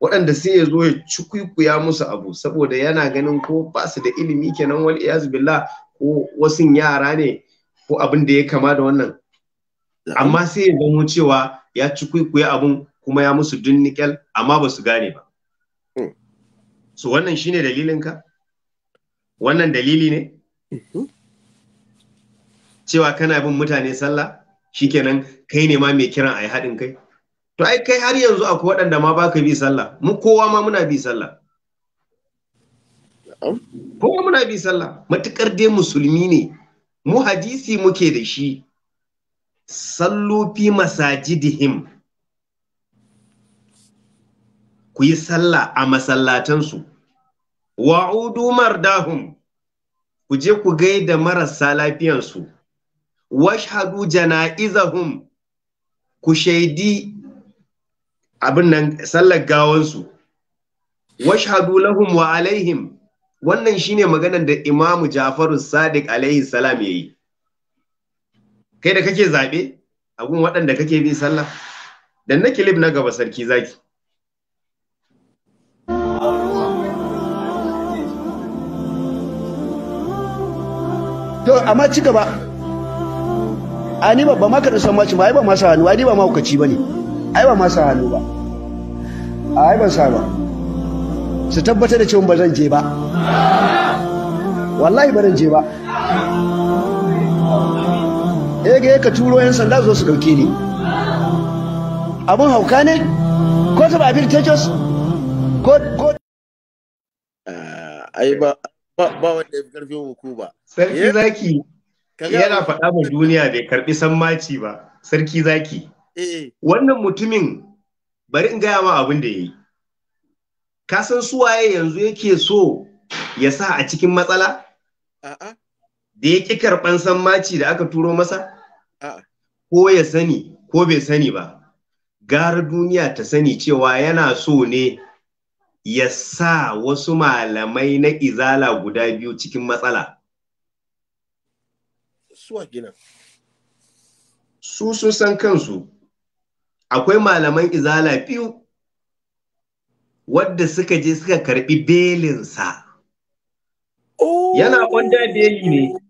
Speaker 2: waɗanda sai ya zo ya cikwikuya musu abu saboda yana ganin ko ba su da ilimi kenan wal iyaz billah ko wasu yara ne ko abin da ya kama da wannan amma sai ya zamo cewa ya ci kwaikwaye abun kuma ya musu nikel amma ba su gane ba hmm. so wannan shine dalilinka wannan dalili ne mm-hmm. cewa kana bin mutane sallah shikenan kai ne ma mai kiran ayi haɗin kai to ai kai har yanzu akwai waɗanda ma baka bi sallah mu kowa ma muna bi sallah kowa muna bi sallah Matuƙar dai musulmi ne mu hadisi muke da shi sallu fi masajidihim ku yi sallah a masallatansu wa'udu mardahum ku je ku gaida marasa lafiyansu washhadu jana'izahum ku shaidi abin nan sallar gawansu washhadu lahum wa alaihim wannan shine maganar da imamu jafaru sadiq alaihi salam yi. kai da kake zaɓe a gun waɗanda kake bi sallah dan na kilib na gaba sarki zaki
Speaker 3: to amma ci gaba a ni babba maka da san maci ba ai ba ma sa hannu ai ba ma hukaci bane ai ba ma sa hannu ba ai ban sa ba su tabbatar da cewa ba zan je ba wallahi ba zan je ba sai ga ka turo yan sanda zo su dauke ni abun hauka ne ko ta abin tejos ko ko
Speaker 2: ah, ai ba
Speaker 3: ba wanda ya fi karfin ba.
Speaker 2: sarki zaki yana faɗa ma duniya bai karbi maci ba sarki zaki eh, eh. wannan mutumin bari in gaya ma abin da ya yi ka san suwaye yanzu yake so ya sa a cikin matsala da ya ƙi karɓan maci da aka turo masa ko ya sani ko bai sani ba gara duniya ta sani cewa yana so ne ya sa wasu malamai na izala guda biyu cikin matsala su sun san kansu akwai malaman izala biyu wadda suka je suka karbi belinsa oh! yana kwanda beli ne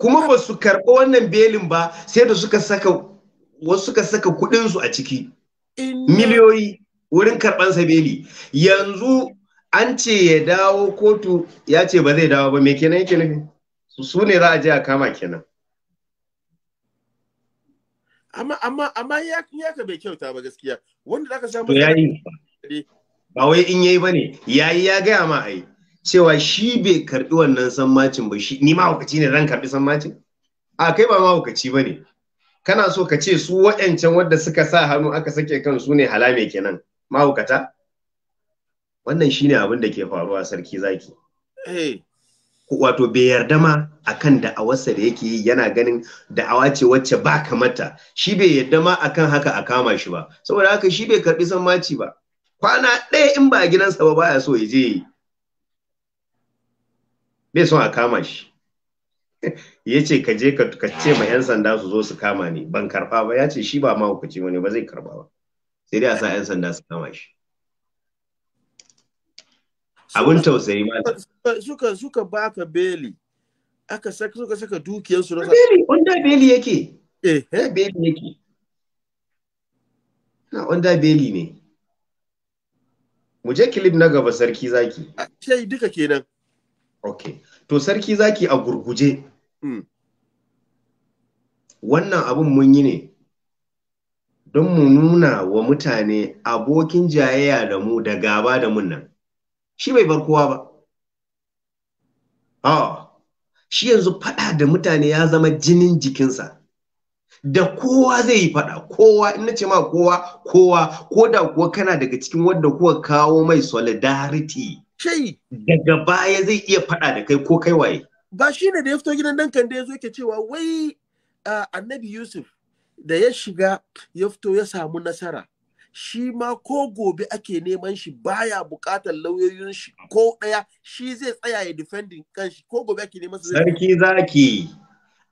Speaker 2: kuma ba su karɓi wannan belin ba sai da suka saka wasu suka saka kuɗinsu a ciki miliyoyi wurin sa beli yanzu an ce ya dawo kotu ya ce ba zai dawo ba me kenan yake nufi su ne za a je a kama kenan
Speaker 1: amma amma amma ya ka bai kyauta ba gaskiya wanda zaka samu
Speaker 2: ba wai in yayi bane yayi ya gaya ma ai cewa shi bai karbi wannan sammacin ba shi ni mahaukaci ne zan karbi sammacin a kai ba mahaukaci ba ne kana so ka ce su waɗancan wadda suka sa hannu aka sake kan su ne halame kenan mahaukata wannan shine abin da ke faruwa sarki zaki eh. wato bai yarda ma akan da'awarsa da yake yi yana ganin da'awa ce wacce ba kamata shi bai yarda ma akan haka a kama shi ba saboda haka shi bai karbi sammaci ba kwana ɗaya in ba gidansa ba baya so ya je bai son a kama shi ya ce ka je ka ce ma 'yan sanda su zo su kama ni ban karba ba ya ce shi ba hukunci wani ba zai karba ba sai dai a sa 'yan sanda su kama shi abin tausayi ma
Speaker 1: suka suka baka beli aka saka suka saka dukiyar su beli
Speaker 2: Wanda beli yake
Speaker 1: eh, eh. beli yake
Speaker 2: na Wanda beli ne mu je clip na gaba sarki zaki sai duka kenan ok to sarki zaki a gurguje mm. wannan abin mun yi ne don mu nuna wa mutane abokin jayayya da mu da gaba da mun nan shi bai bar kowa ba ah. shi yanzu faɗa da mutane ya zama jinin jikinsa da kowa zai yi faɗa kowa in na ce ma kowa kowa ko da kuwa kana daga cikin wadda kuka kawo mai solidarity shai daga baya zai iya faɗa da kai ko kai waye
Speaker 1: ba shi ne da ya fito gidan dankan kande ya zo yake cewa wai annabi yusuf da ya shiga ya fito ya samu nasara shi ma ko gobe ake neman shi baya bukatar lauyoyin shi ko ɗaya shi zai tsaya ya defending kanshi ko gobe ake neman
Speaker 2: su sarki zaki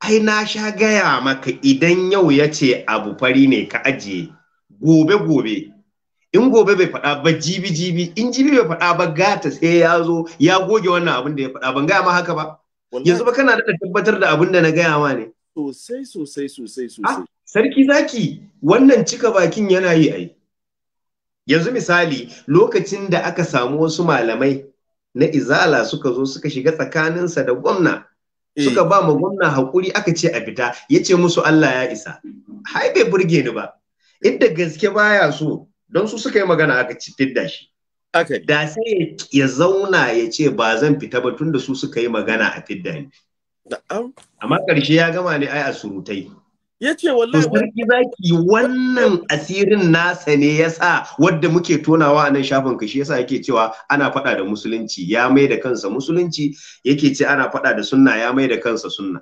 Speaker 2: ai na sha gaya maka idan yau ya ce abu fari ne ka ajiye gobe gobe in gobe bai faɗa ba jibi jibi in jibi bai faɗa ba gata sai ya zo ya goge wannan abin da ya faɗa ban gaya ma haka ba yanzu ba kana da tabbatar da abin da na gaya ma ne sosai sosai sosai ah, sosai sarki zaki wannan cika bakin yana yi ai yanzu misali lokacin da aka samu wasu malamai na izala suka zo suka shiga tsakaninsa da gwamna eh. suka ba ma gwamna hakuri aka ce a fita ya ce musu Allah ya isa hai bai burge ni ba inda gaske baya so don su suka yi magana aka fidda shi da sai ya zauna ya ce ba zan fita ba tunda su suka yi magana a fidda ni amma ƙarshe ya gama ne ai a surutai ya ce wallahi sarki zaki wannan asirin nasa ne ya sa wadda muke tonawa a nan shafin kashi sa yake cewa ana faɗa da musulunci ya mai da kansa musulunci yake ce ana faɗa da sunna ya mai da kansa sunna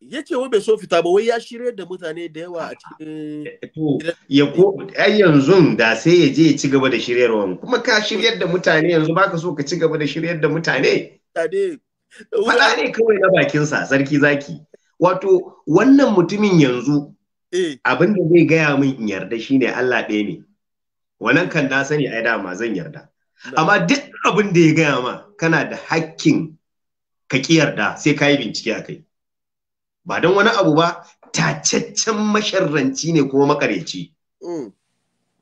Speaker 1: Yake wai bai so
Speaker 2: fita ba wai ya shirya da mutane da yawa a cikin ya ko ai yanzu da sai ya je ya ci gaba da shiryarwa kuma ka shiryar da mutane yanzu baka so ka ci gaba da shiryar da mutane Faɗa ne kawai na bakinsa sarki zaki wato wannan mutumin yanzu eh. abin da zai gaya min in yarda shine Allah ɗaya ne wannan kan na sani ai dama zan yarda amma duk abin da ya gaya ma kana da hakkin ka ƙi yarda sai ka yi bincike a kai ba don wani abu ba tacaccen masharranci ne kuma makareci mm.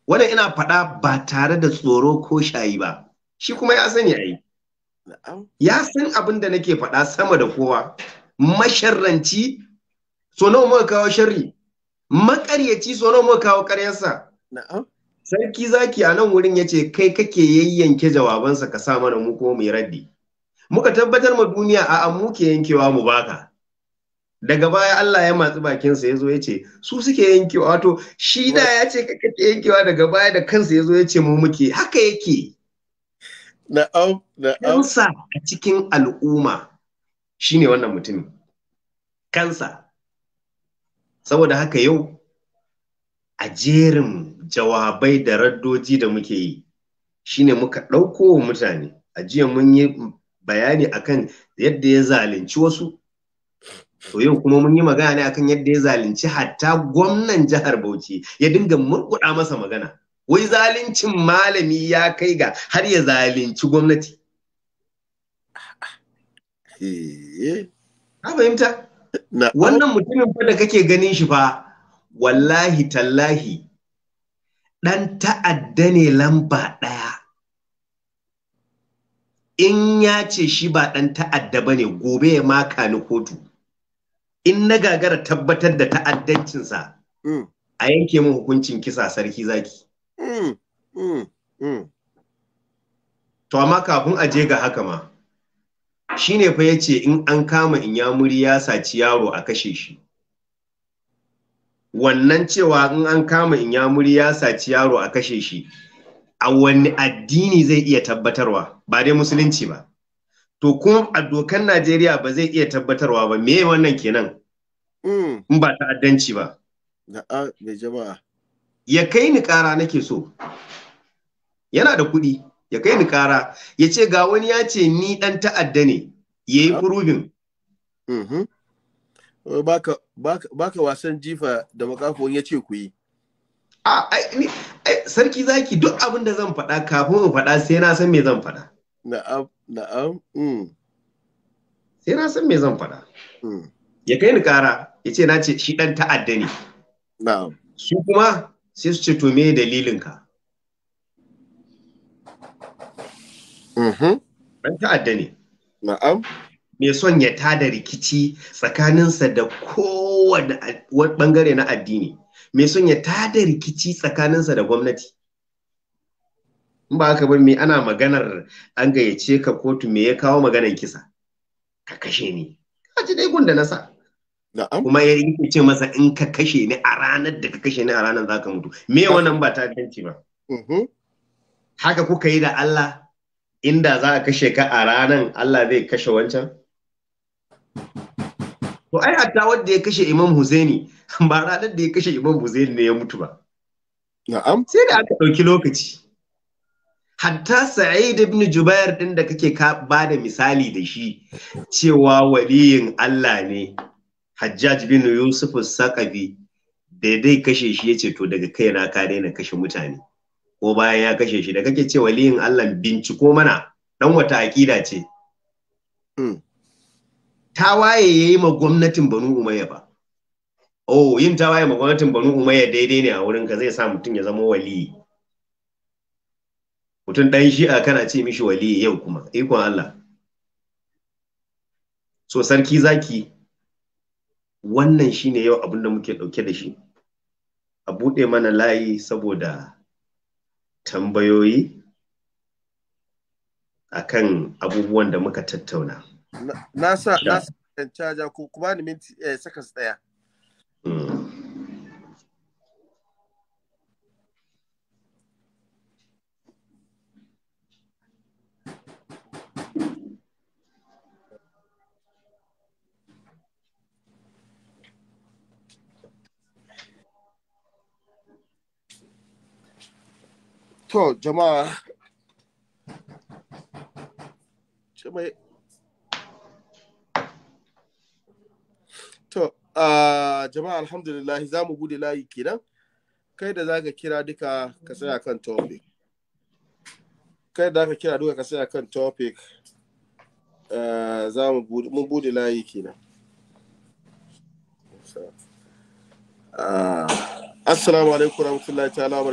Speaker 2: wannan ina faɗa ba tare da tsoro ko shayi ba shi kuma ya san yayi. ya san abin da nake faɗa sama da kowa masharranci so nawa muka kawo sharri makaryaci so nawa muka kawo ƙaryarsa sarki zaki a nan wurin ya ce kai kake yayyanke jawabansa ka sa mana mu ko mu raddi muka tabbatar ma duniya a mu ke yankewa mu baka daga baya Allah ya matsi bakinsa ya zo ya ce su suke yankewa wato shi da ya ce ka kake yankewa daga baya da kansa ya zo ya ce mu muke haka yake na'am kansa a cikin al'umma shine wannan mutum. kansa saboda haka yau a jerin jawabai da raddoji da muke yi shine muka ɗauko mutane a jiya mun yi bayani akan yadda ya zalunci wasu To yau kuma mun yi magana ne akan yadda ya zalunci hatta gwamnan jihar Bauchi ya dinga murkuɗa masa magana. Wai zaluncin malami ya kai ga har ya zalunci gwamnati. Eh. fahimta? Wannan mutumin fa da kake ganin shi fa wallahi tallahi ɗan ta'adda ne lamba ɗaya. In ya ce shi ba ɗan ta'adda ba ne gobe ya maka ni kotu. in na gagara tabbatar da ta'addancinsa mm. a yanke min hukuncin kisa sarki zaki. Mm. Mm. To amma kafin a je ga haka ma, shi ne fa ya ce in an kama in ya muri ya saci yaro a kashe shi. Wannan cewa in an kama in ya muri ya saci yaro a kashe shi, a wani addini zai iya tabbatarwa, ba dai musulunci ba. to kuma a dokan Najeriya ba zai iya tabbatarwa ba me wannan kenan mm. in ba ta'addanci ba jama'a ya kai ni kara nake so yana da kuɗi ya kai ni kara ya ce ga wani ya ce ni ɗan ta'adda ne ya yi furubin ah. mm-hmm. eh,
Speaker 1: baka wasan jifa da makafon ya ce ku yi sarki
Speaker 2: zaki duk abin da zan faɗa kafin in faɗa sai na san me zan faɗa Na'am, na'am. Mm. Sai na san me zan faɗa. Mm. Ya kai ni ƙara, ya ce na ce shi ɗan ta'adda ne. Na'am. Su kuma sai su ce to me dalilinka? Mm-hmm. Ɗan ta'adda ne. Na'am. Me son ya tada rikici tsakaninsa da kowane ɓangare na addini. Me son ya tada rikici tsakaninsa da gwamnati. in ba haka ba me ana maganar an gayyace ka kotu me ya kawo maganar kisa ka kashe ni ka ji dai gunda na sa kuma ya yi ce masa in ka kashe ni a ranar da ka kashe ni a ranar za ka mutu me wannan ba ta danci ba mm-hmm. haka kuka yi da Allah inda za a kashe ka a ranar Allah zai kashe wancan to ai hatta wanda ya kashe Imam Husaini ba ranar da ya kashe Imam Husaini ne ya mutu ba na'am sai da aka ɗauki lokaci hatta sa'id ibn jubair din da kake ba da misali da shi cewa waliyin Allah ne hajjaj bin yusuf saqafi daidai kashe shi yace to daga kai na ka daina kashe mutane ko bayan ya kashe shi da kake ce waliyin Allah binciko mana dan wata aqida ce hmm. Ta waye yayi ma gwamnatin banu umayya ba oh yin tawaye ma gwamnatin banu umayya daidai ne a wurin ka zai sa mutum ya zama waliyi mutum ɗan shi'a kana ce mishi wali yau kuma ikon Allah so sarki zaki wannan shine yau abin da muke ɗauke da shi a buɗe mana layi saboda tambayoyi akan abubuwan da muka tattauna
Speaker 1: na sa na sa caja ko kuma ni minti eh, sakas ɗaya To jama'a jama'a To uh, jama'a alhamdulillah za mu bude layi kenan kai da za ka kira duka ka tsaya kan topic kai da za ka kira duka ka tsaya kan topic uh, za mu bude layi kenan assalamu alaikum warahmatullahi ta'ala wa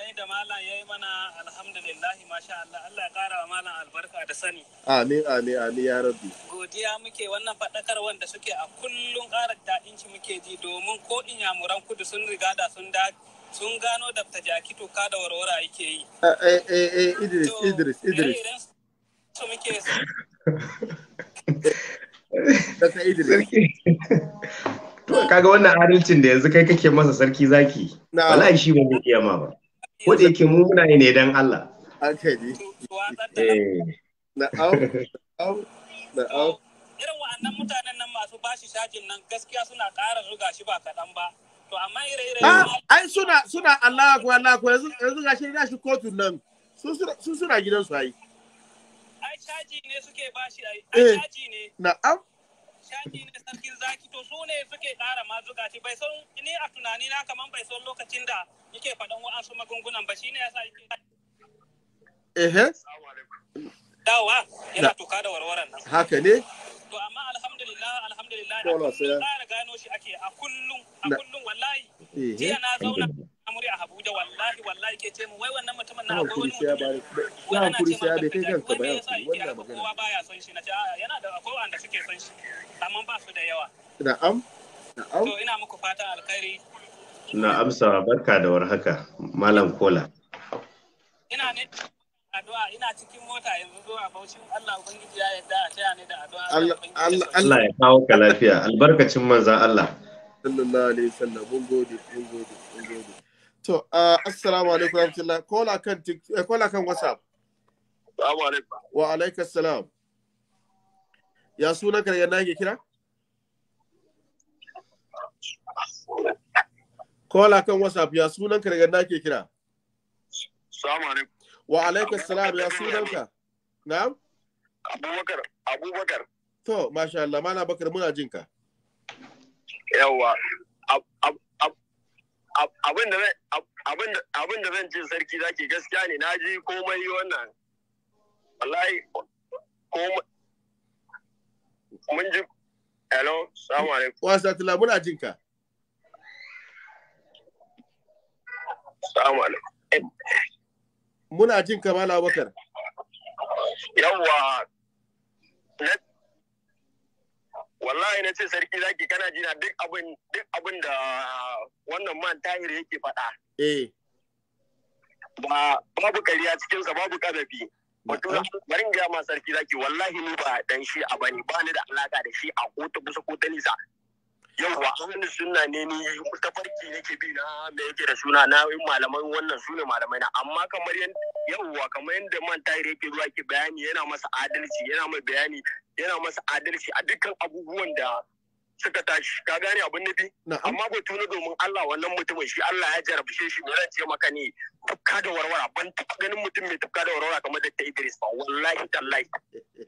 Speaker 1: dai da malam ya yi mana alhamdulillahi masha Allah Allah ya kara wa malam albarka da sani. Amin amin amin ya rabbi.
Speaker 6: Godiya muke wannan fadakar wanda suke a kullum ƙara daɗinci muke ji domin ko yamuran kudu sun riga da sun da sun gano dafta jaki ka da warwara yake yi.
Speaker 1: Eh eh eh, eh Idris Idris Idris. So muke
Speaker 2: Dr. Idris. kaga wannan adalcin da yanzu kai kake masa sarki zaki wallahi shi ba zai iya ma ba ko ki yake muna ne dan Allah aka ji eh. na'am na'am
Speaker 1: na'am irin wa'annan mutanen nan masu bashi shajin nan
Speaker 6: gaskiya suna ƙara zuga shi ba kaɗan ba to amma
Speaker 1: ire-ire ah, ai suna suna Allah ko Allah ko yanzu yanzu gashi da shi kotun nan su suna gidansu ai
Speaker 6: ai caji ne suke bashi ai
Speaker 1: Ai caji eh. ne na'am shaki
Speaker 6: na sarkin zaki to su ne suke ƙara ma zugaci bai san ni a tunani na kaman bai san lokacin da yake faɗan wa'ansu magungunan ba shi shine yasa yake
Speaker 1: ehe dawa yana tuka da warwaran nan haka ne to amma alhamdulillah alhamdulillah da ƙara gano shi ake a kullum a kullum wallahi jiya na zauna amuri a Abuja wallahi wallahi ke ce mu wai wannan mutumin wani mutum na ce na'am
Speaker 2: na'am to barka da warhaka malam kola ina cikin
Speaker 1: mota yanzu zuwa Allah ubangiji ya yarda a taya ni da addu'a Allah ya
Speaker 2: kawo ka lafiya albarkacin manzon Allah
Speaker 1: sallallahu alaihi wasallam mun gode mun gode mun gode To, uh, assalamu alaikum wa rahmatullah. Kola kan tiktok, kola eh, kan WhatsApp. Assalamu alaikum. Wa alaikum assalam. Ya sunan ka yana yake kira? Kola kan WhatsApp ya sunan ka yana yake kira? Assalamu alaikum. Wa alaikum assalam ya sunan ka? Na'am?
Speaker 7: Abubakar, Abubakar.
Speaker 1: To, masha Allah, mana Bakar muna jinka.
Speaker 7: Yawwa, abin da zan ce sarki zaki gaskiya ne na ji komai wannan wallahi komai mun ji hello salamu alaikum
Speaker 1: wasa tula muna jin ka salamu alaikum muna jin ka mala bakar
Speaker 7: yawwa wallahi na ce sarki zaki kana jina duk abin duk abin da wannan man tahir yake faɗa eh ba babu kariya cikin sa babu kadafi bari ga ma sarki zaki wallahi ni ba dan shi a bani ba ni da alaka da shi a kota ta kusa ko ta nisa yauwa wani suna ne ni tafarki ke bi na me yake da suna na malamai wannan su ne malamai na amma kamar yauwa kamar yadda man tayir yake zuwa ke bayani yana masa adalci yana mai bayani yana masa adalci a dukkan abubuwan da suka tashi ka gane abin nufi amma batu na domin Allah wannan mutumin shi Allah ya jarabce shi ne ce maka ne tafka da warwara ban taɓa ganin mutum mai tafka da warwara kamar ta Idris ba wallahi tallahi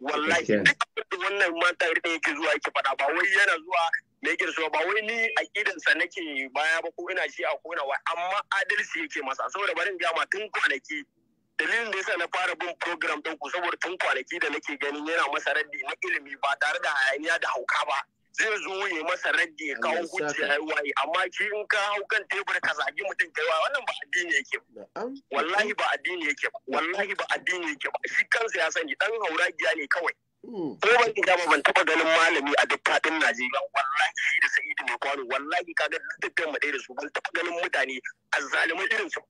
Speaker 7: wallahi duk da wannan mata yake zuwa yake faɗa ba wai yana zuwa me yake da ba wai ni a sa nake baya ba ko ina shi a kona wa amma adalci yake masa saboda barin ga tun kwanaki dalilin da yasa na fara bin program din ku saboda tun kwanaki da nake ganin yana masa raddi na ilimi ba tare da hayaniya da hauka ba zai zo ya masa raddi ya kawo hujja ya waye amma ki in ka hau kan tebur ka zagi mutum kai wa wannan ba addini yake ba wallahi ba addini yake ba wallahi ba addini yake ba shi kansa ya sani dan giya ne kawai ko ban ki dama ban taba ganin malami a duk Najeriya wallahi shi da Sa'idu mai kwano wallahi kaga dukkan mu da su ban taba ganin mutane azzalimai irin su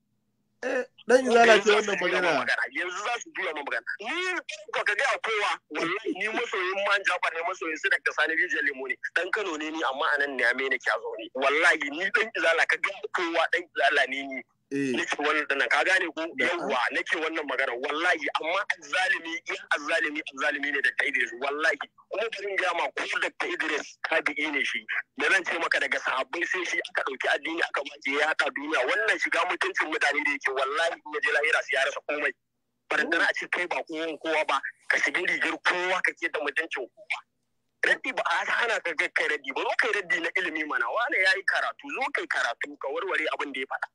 Speaker 7: eh dan izala ce wannan magana yanzu za su juya mu magana ni ko ka ga kowa wallahi ni masoyin man Jafar ne masoyin su da Sani Rijal mu ne dan Kano ne ni amma anan ne ame nake a ne wallahi ni dan izala ka ga kowa dan izala ne ni Eh. nake wannan ka gane ko Yawa nake wannan magana wallahi amma azzalimi in eh, azzalimi azzalimi ne da Idris wallahi kuma kun ga ma ko Dr. Idris tabi'i ne shi da zan ce maka daga sahabbai sai shi aka dauki addini aka maje ya ka duniya wannan shiga mutuncin mutane da yake wallahi in je lahira sai ya rasa komai barandana a ce kai ba kowan kowa ba ka shiga rigar kowa ka ke da mutuncin kowa raddi ba a hana ka kai raddi ba zo kai raddi na ilimi mana wane yi karatu zo kai karatu ka warware abin da ya faɗa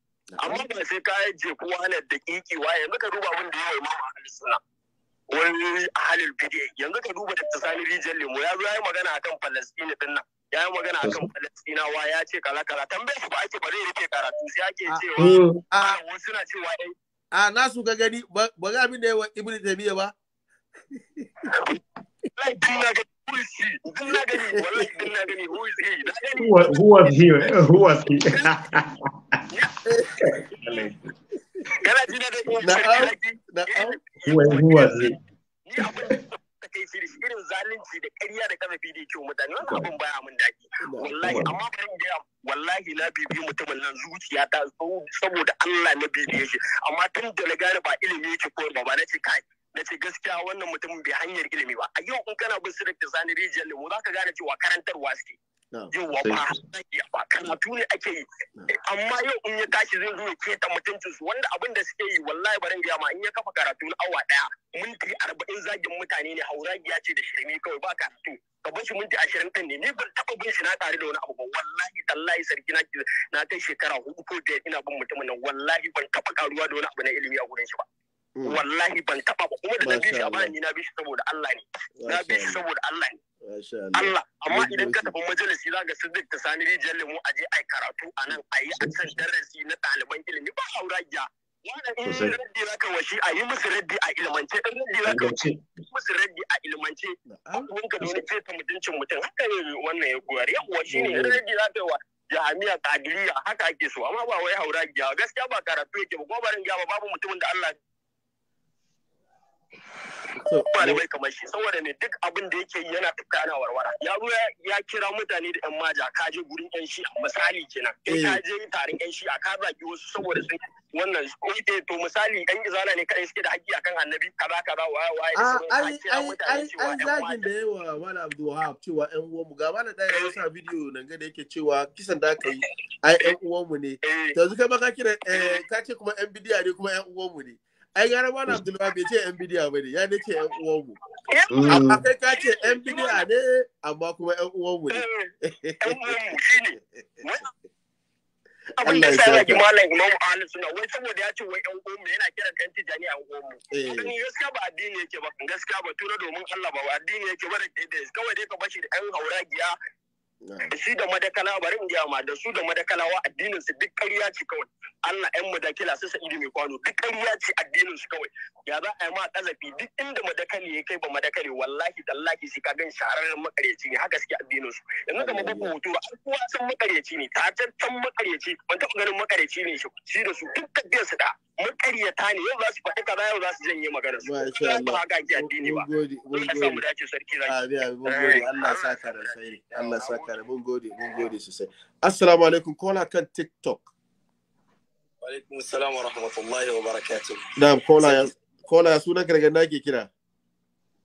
Speaker 7: amma ba sai ka je kowa na da kiki waye yanzu ka duba abin da yi ma ahlus sunna wani halin bid'a yanzu ka duba da sani rijiyar lemo ya zo yayi magana akan falastini din nan yi magana akan Wa ya ce kala kala tambaye
Speaker 1: shi ba ake ba zai rufe karatu sai ake ah, cewa hmm. ah, ah. wasu suna cewa eh. a su ka gani ba a abin da yawa ibnu taymiya ba
Speaker 7: who, who was he? Who was he? who, eh, who was he?
Speaker 2: kai irin
Speaker 7: zalunci da ƙarya da kafa fili mutane wannan abin baya mun daɗi wallahi amma bari ga wallahi na bibi mutumin nan zuciya ta saboda Allah na bibiye shi amma tun da na gane ba ilimi yake koyarwa ba na ce kai na ce gaskiya wannan mutumin bai hanyar ilimi ba a yau in kana bin su da sani rijiyar lemu za ka gane cewa karantarwa suke yauwa ba ba karatu ne ake yi amma yau in ya tashi zai zo ya keta su. wanda abin da suke yi wallahi barin gaya ma in ya kafa karatu na awa daya minti arba'in zagin mutane ne hauragiya ce da shirme kawai ba karatu ka bar shi minti ashirin ɗin ne ni ban taɓa bin shi na tare da wani abu ba wallahi tallahi sarki na na kai shekara hudu ko biyar ina bin mutumin nan wallahi ban taɓa karuwa da wani abu na ilimi a gurin shi ba Mm. wallahi ban taba ba kuma da na bi shi a bayan na bi shi saboda Allah ne na bi shi saboda Allah ne Allah amma idan ka tafi majalisi zaka duk ta sani rijiyar lemu aje ai karatu a nan ayi a san darasi na ɗaliban ilimi ba hauragiya wannan in raddi zaka washi a yi musu raddi a ilmance in raddi zaka washi musu raddi a ilmance abun ka dole ce ta mutuncin mutum haka ne wannan ya goyar yawa ne in raddi zaka wa jahamiya kadiriya haka ake so amma ba wai haura gaskiya ba karatu yake ba ko gaba babu mutumin da Allah malamai eh, kamar shi saboda ne duk abin da yake yana tuka yana warwara ya zo ya kira mutane da yan maja ka je gurin yan shi misali kenan in eh, eh. ka je taron yan shi a ka zaki wasu saboda sun wannan eh to misali yan izala ne kai suke da haƙƙi akan annabi kaza kaza waye
Speaker 3: waye ah, an zagin da
Speaker 1: yawa wala abdulwahab cewa yan uwanmu ga wala da ya sa bidiyo nan ga da yake cewa kisan da aka yi ai yan uwanmu ne yanzu kai ma ka kira ka ce kuma yan bidiya ne kuma yan uwanmu ne ai gara mana abdulwa bai ce yan bidiya ba ne ya ne ce yan mu. Mm. amma kai ka ce yan bidiya ne amma kuma yan mu ne
Speaker 7: abin da sai ki malam imam Ali suna wai saboda ya ce wai yan mu yana kiran kan tijani yan mu. Eh. ni gaskiya ba addini yake ba gaskiya ba tura domin Allah ba addini yake ba da kawai dai ka bashi da yan giya. da shi da madakala bari in ma da su da madakalawa addinin su duk ƙarya ce kawai Allah ƴan madakila su sa ido mai kwano duk ƙarya ce addinin su kawai ya za a yi ma kazafi duk inda madakali ya kai ba madakali wallahi tallahi sai ka gan shahararren makaryaci ne haka suke addinin su yanzu da mabuku hoto ba kowa san makaryaci ne ta tantan makaryaci ban taɓa ganin makaryaci ne shi da su duk tafiyar su da maƙaryata ne yau za su faɗi kaza yau za su janye magana su ba haka ake addini ba Allah sa mu dace sarki zaki abi mun gode eh, Allah sa ka da alkhairi
Speaker 1: Allah sa ka da mun gode mun gode sosai assalamu alaikum kola kan tiktok
Speaker 7: wa alaikum assalam wa rahmatullahi wa barakatuh
Speaker 1: na'am kola ya kola ya sunan kargan da ke kira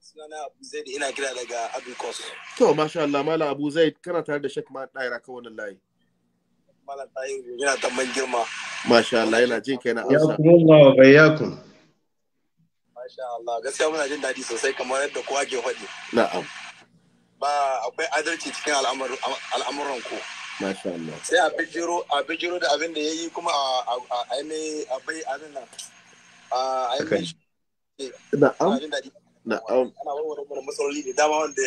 Speaker 4: sunana Abu Zaid ina kira daga
Speaker 1: Abu Kos to masha Allah mala Abu Zaid kana tare da Sheikh Mahmud Daira kan wannan layi yana ta girma. Masha Allah yana jin kai na Ya kuma Allah Masha Allah gaskiya muna jin daɗi sosai kamar yadda kowa ke faɗi. Na'am. Ba akwai adalci cikin al'amuran ku. Masha Allah. Sai a bijiro a bijiro da abin da ya yi kuma a a a a bai abin nan. A yi mai. Na'am. na'am ana um, warware mana matsaloli da dama wanda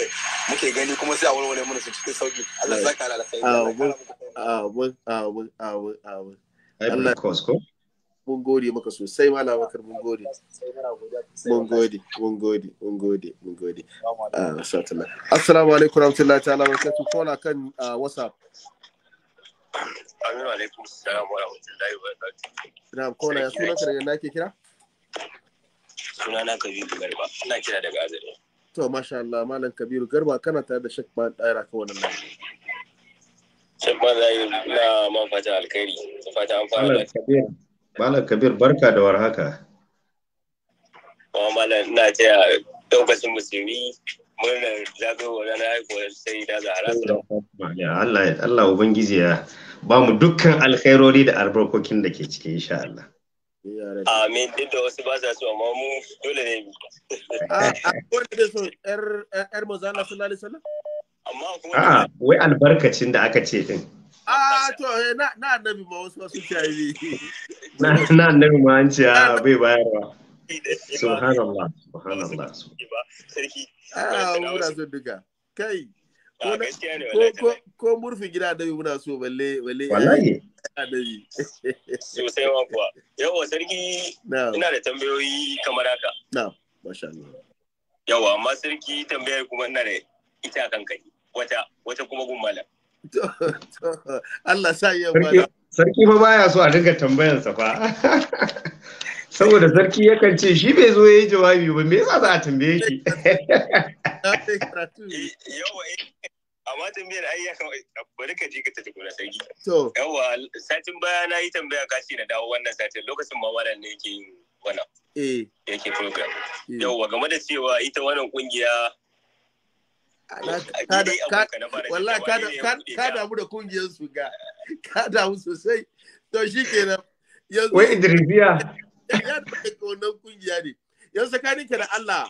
Speaker 7: muke gani kuma sai a warware mana su cikin
Speaker 1: sauki Allah saka da alkhairi amin ah, amin amin amin Allah ko mun gode maka sosai malam bakar mun gode mun gode mun gode mun gode mun gode assalamu alaikum ah, rahmatullahi ta'ala barakatuh kona kan ah, whatsapp Amin alaikum salam wa rahmatullahi wa barakatuh. Na kona ya sunan ka daga nake kira?
Speaker 8: Suna na kabiru garba ina kira daga azare
Speaker 1: to masha Allah malam kabiru garba kana tare da shek ban daira ka wannan nan shek ban zai
Speaker 2: na man fata alkhairi fata an fara kabiru malam kabir barka da warhaka kuma
Speaker 8: malam ina taya daukacin musulmi murnar zagayowar
Speaker 2: ranar haihuwar sai da zahara Allah Allah ubangiji ya ba mu dukkan alkhairori da albarkokin da ke ciki insha Allah Amin, duk da wasu ba sa so, amma mu dole
Speaker 1: ne. A ah, ah, ko da so, ‘yar ƴar eh, sallallahu alaihi wasallam?
Speaker 2: Amma kuma. A ah, wai albarkacin da aka ce din.
Speaker 1: A to, eh, na annabi ma wasu wasu
Speaker 7: Na annabi ma an ce a bai bayarwa. Subhanallah, subhanallah.
Speaker 1: Sarki. ko wura so duka. Kai. Ko murfin gida annabi muna so balle. Eh. Wallahi. annabi sosai ma kuwa yawa sarki ina da tambayoyi kamar haka na masha Allah
Speaker 8: yawa amma sarki tambayar kuma ina da
Speaker 1: ita kan kai wata wata kuma gun malam Allah sa
Speaker 2: iya malam sarki fa baya so a dinga tambayansa fa saboda sarki yakan ce shi bai zo ya jawabi ba me yasa za a tambaye shi
Speaker 8: amma tambayar ai ya bari ka ji ka ta kuna sarki to yawa satin baya na yi tambaya ka na dawo wannan satin lokacin ma wannan ne yake yin wannan eh yake program
Speaker 5: eh. yawa
Speaker 8: game da cewa ita wannan kungiya
Speaker 1: wallahi ka damu da kungiyar su ga ka damu sosai to shi kenan yanzu wai idrisiya ya da wannan kungiya ne yanzu ka da Allah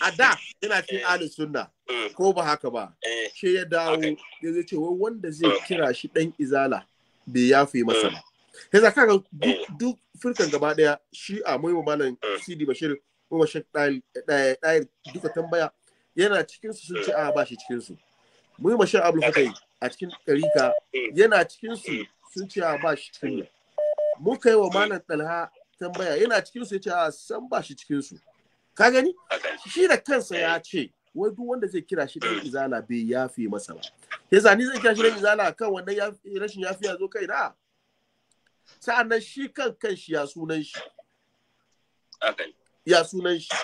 Speaker 1: a da yana cikin eh. ahli sunna hmm. ko ba haka ba eh. shi ya dawo ya zai ce wanda zai hmm. kira shi dan izala bai yafe hmm. masa ba yanzu kaga eh. duk firkan gaba daya shi a muhimman malam sidi bashir ko shek dayar duka tambaya yana cikin su sun ce a ba shi cikin su mai mashar abul fatai a cikin karika yana cikin su sun ce a ba shi cikin muka yi wa malam dalha tambaya yana cikin su ya ce a san ba shi cikin su ka gani shi da kansa ya eh. ce wai duk wanda zai kira shi dan izala bai yafe masa ba yasa ni zai kira shi dan izala kan wannan rashin yafiya zo kai da sa'annan shi kan kan shi ya sunan shi ya sunan shi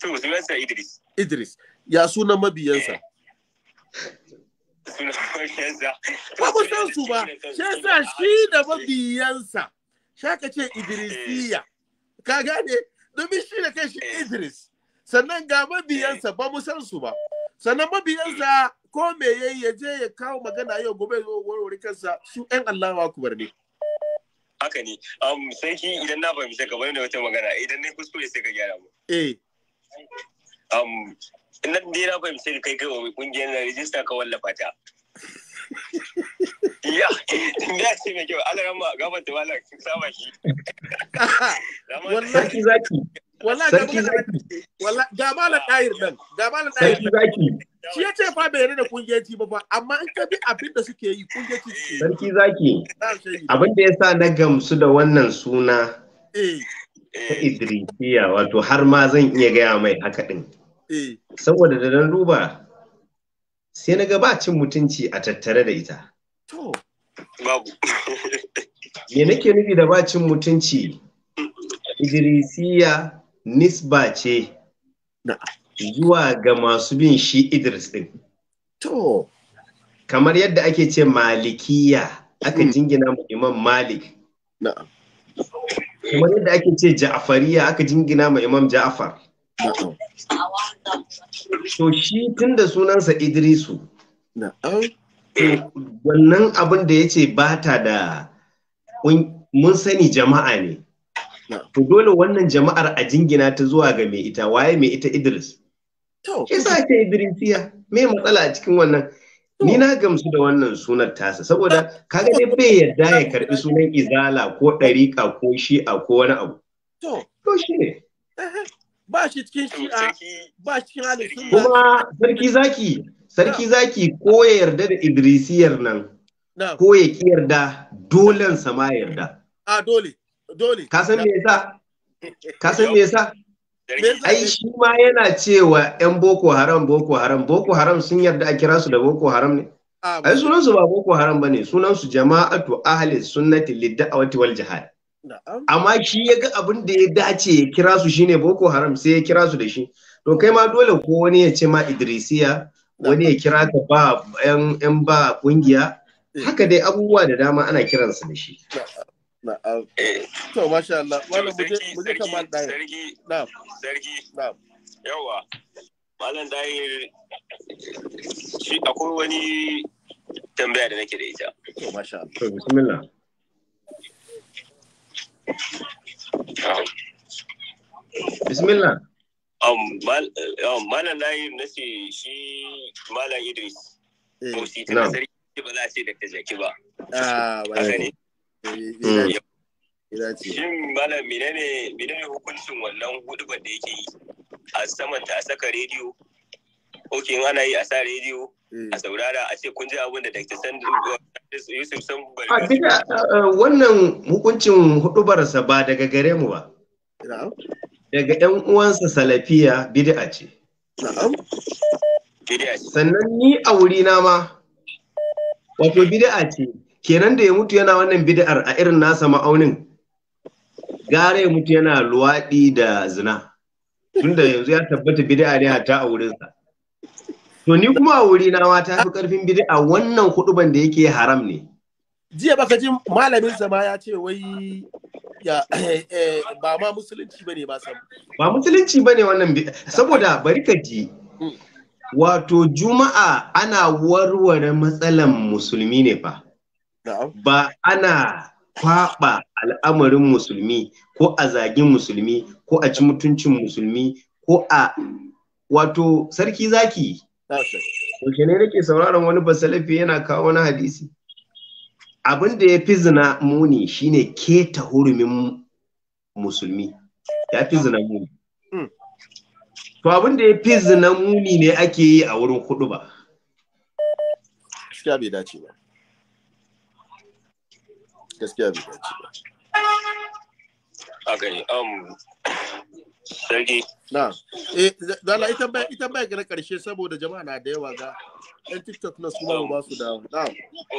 Speaker 8: to Idris
Speaker 1: Idris ya sunan mabiyansa eh. sunan ba san su ba shi yasa shi da mabiyansa shaka ce Idrisiya ka gane domin shi da kai shi Idris sannan ga mabiyansa ba mu san su ba sannan mabiyansa ko me yayi ya je ya kawo magana yau gobe zo warware kansa su ɗan wa kubar ne
Speaker 8: haka ne um, sai ki idan na fahimci ka bane da wata magana idan ne kuskure sai ka gyara mu eh um, na dai na fahimci kai kai kungiyar na rijista ka wallafa ta Ya, da ce mai kyau, Allah rama gaba da wala kin saba shi.
Speaker 4: Wallahi zaki. Wallahi da zaki.
Speaker 1: Wallahi ga malam ɗayir nan, ga malam ɗayir. Sarki zaki. Shi ya ce fa bai yarda da kungiyanci ba ba, amma in ka bi abin da suke yi kungiyanci
Speaker 2: suke. Sarki zaki. Abin da ya sa na gamsu da wannan suna. Eh. Eh. Ta Idrisiya, wato har ma zan iya gaya mai haka ɗin. Eh. Saboda da na duba, sai na ga ba cin mutunci a tattare da ita. To, babu. Me nake nufi da ba cin mutunci? Idrisiya nisba ce zuwa ga masu bin shi Idris ɗin. To, kamar yadda ake ce malikiya aka hmm. jingina mu imam Malik. Kamar yadda ake ce ja'afariya aka jingina mu imam Ja'afar. to shi tun da sunansa idrisu wannan abin da ya ce ba ta da mun sani jama'a ne to dole wannan jama'ar a jingina ta zuwa ga mai ita waye mai ita idris shi sa ke idrisiya me matsala a cikin wannan ni na gamsu da wannan sunar tasa saboda kaga dai bai yarda ya karbi sunan izala ko ɗariƙa ko shi'a ko wani abu
Speaker 1: to shi ne ba shi cikin shi'a ba cikin sunna kuma
Speaker 2: sarki zaki sarki zaki ko ya yarda da idrisiyar nan ko ya ki yarda dolen sama yarda a dole dole ka san me yasa ka san me yasa ai shi ma yana cewa yan boko haram boko haram boko haram sun yarda a kira su da boko haram ne ai sunan su ba boko haram bane sunan su jama'atu ahli sunnati lid da'wati wal jihad Amma shi ya ga abin da ya dace ya kira su shine Boko Haram sai ya kira su da shi. To kai ma dole ko wani ya ce ma Idrisiya, wani ya kira ka ba yan ba kungiya. Eh. Haka dai abubuwa da dama ana kiran su da shi.
Speaker 1: To masha Allah, malam muje muje kamar da. Sarki. Na'am. Sarki. Na'am. Yawa.
Speaker 8: Malam Dahir
Speaker 2: shi akwai wani tambaya da nake da ita. To masha Allah.
Speaker 7: to Bismillah. Bismillah. Um, malam na shi malam Idris.
Speaker 8: Musi ta nasari ba za a ce da ta jaki ba. Shin malam menene menene hukuncin wannan hudubar da yake yi? A saman ta a saka rediyo. Ok, ana yi a sa rediyo, Mm. a saurara a ce kun ji abin da Dr.
Speaker 2: Yusuf Sambari. A duka eh, wannan hukuncin hudubarsa ba daga gare mu ba. Daga ɗan uwansa salafiya bid'a ce. Sannan ni a wuri na ma, wato bid'a ce, kenan da ya mutu yana wannan bid'ar a irin nasa ma'aunin, gare ya mutu yana luwaɗi da zina. Tunda yanzu ya tabbata bid'a ne hata a wurinsa. To ni kuma a wuri na ma ta fi karfin bid'a wannan kuɗuban da yake haram ne. Jiya baka ji malamin zama ya ce wai ya eh,
Speaker 1: eh, ba ma musulunci bane ba sam.
Speaker 2: Ba musulunci bane wannan saboda bari ka ji. Hmm. Wato Juma'a ana warware matsalan musulmi ne fa. Ba ana kwaɓa al'amarin musulmi ko a zagin musulmi ko a ci mutuncin musulmi ko a wato sarki zaki Yaushe ne nake sauraron wani basalafi yana kawo wani hadisi. Abin da ya fi zina muni shine keta hurumin musulmi. Ya fi zina muni. Hmm. To abin da ya fi zina muni ne ake yi a wurin hudu ba. Gaskiya bai dace ba.
Speaker 1: Gaskiya bai dace ba.
Speaker 8: A gani, um, sarki
Speaker 1: na eh dala ita bai ita bai ga karshe saboda jama'a na da yawa ga ɗan tiktok na su oh. ba su dawo na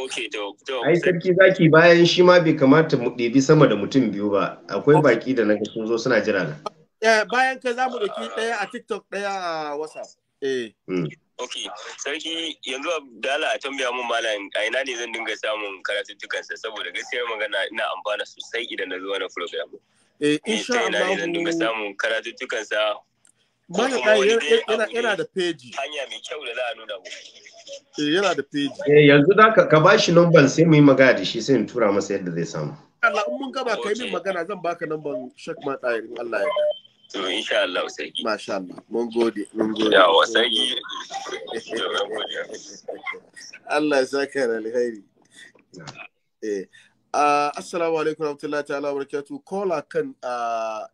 Speaker 2: okay to to ai sarki zaki bayan shi ma bai kamata mu ɗebi sama da mutum biyu ba akwai baki da naga sun zo suna jira na
Speaker 1: eh bayan kai za mu ɗauki ɗaya a tiktok ɗaya a whatsapp
Speaker 8: eh hmm. Ok, sarki yanzu dala a tambaya mun malam a ina ne zan
Speaker 1: dinga samun karatuttukansa saboda gaskiyar magana ina amfana sosai idan na zo na program. Eh, eh insha Allah idan duka
Speaker 8: samu sa
Speaker 1: mana eh, eh, yana yana da page hanya za a nuna
Speaker 2: eh sai mu yi magana da shi sai masa yadda zai samu
Speaker 1: Allah in mun gaba kai magana zan baka number Sheikh Allah ya To insha Allah Masha Allah, mun gode, mun gode. Allah ya saka alheri. Eh. Uh, assalamu alaikum rahmatullahi ta'ala barakatu kola kan uh,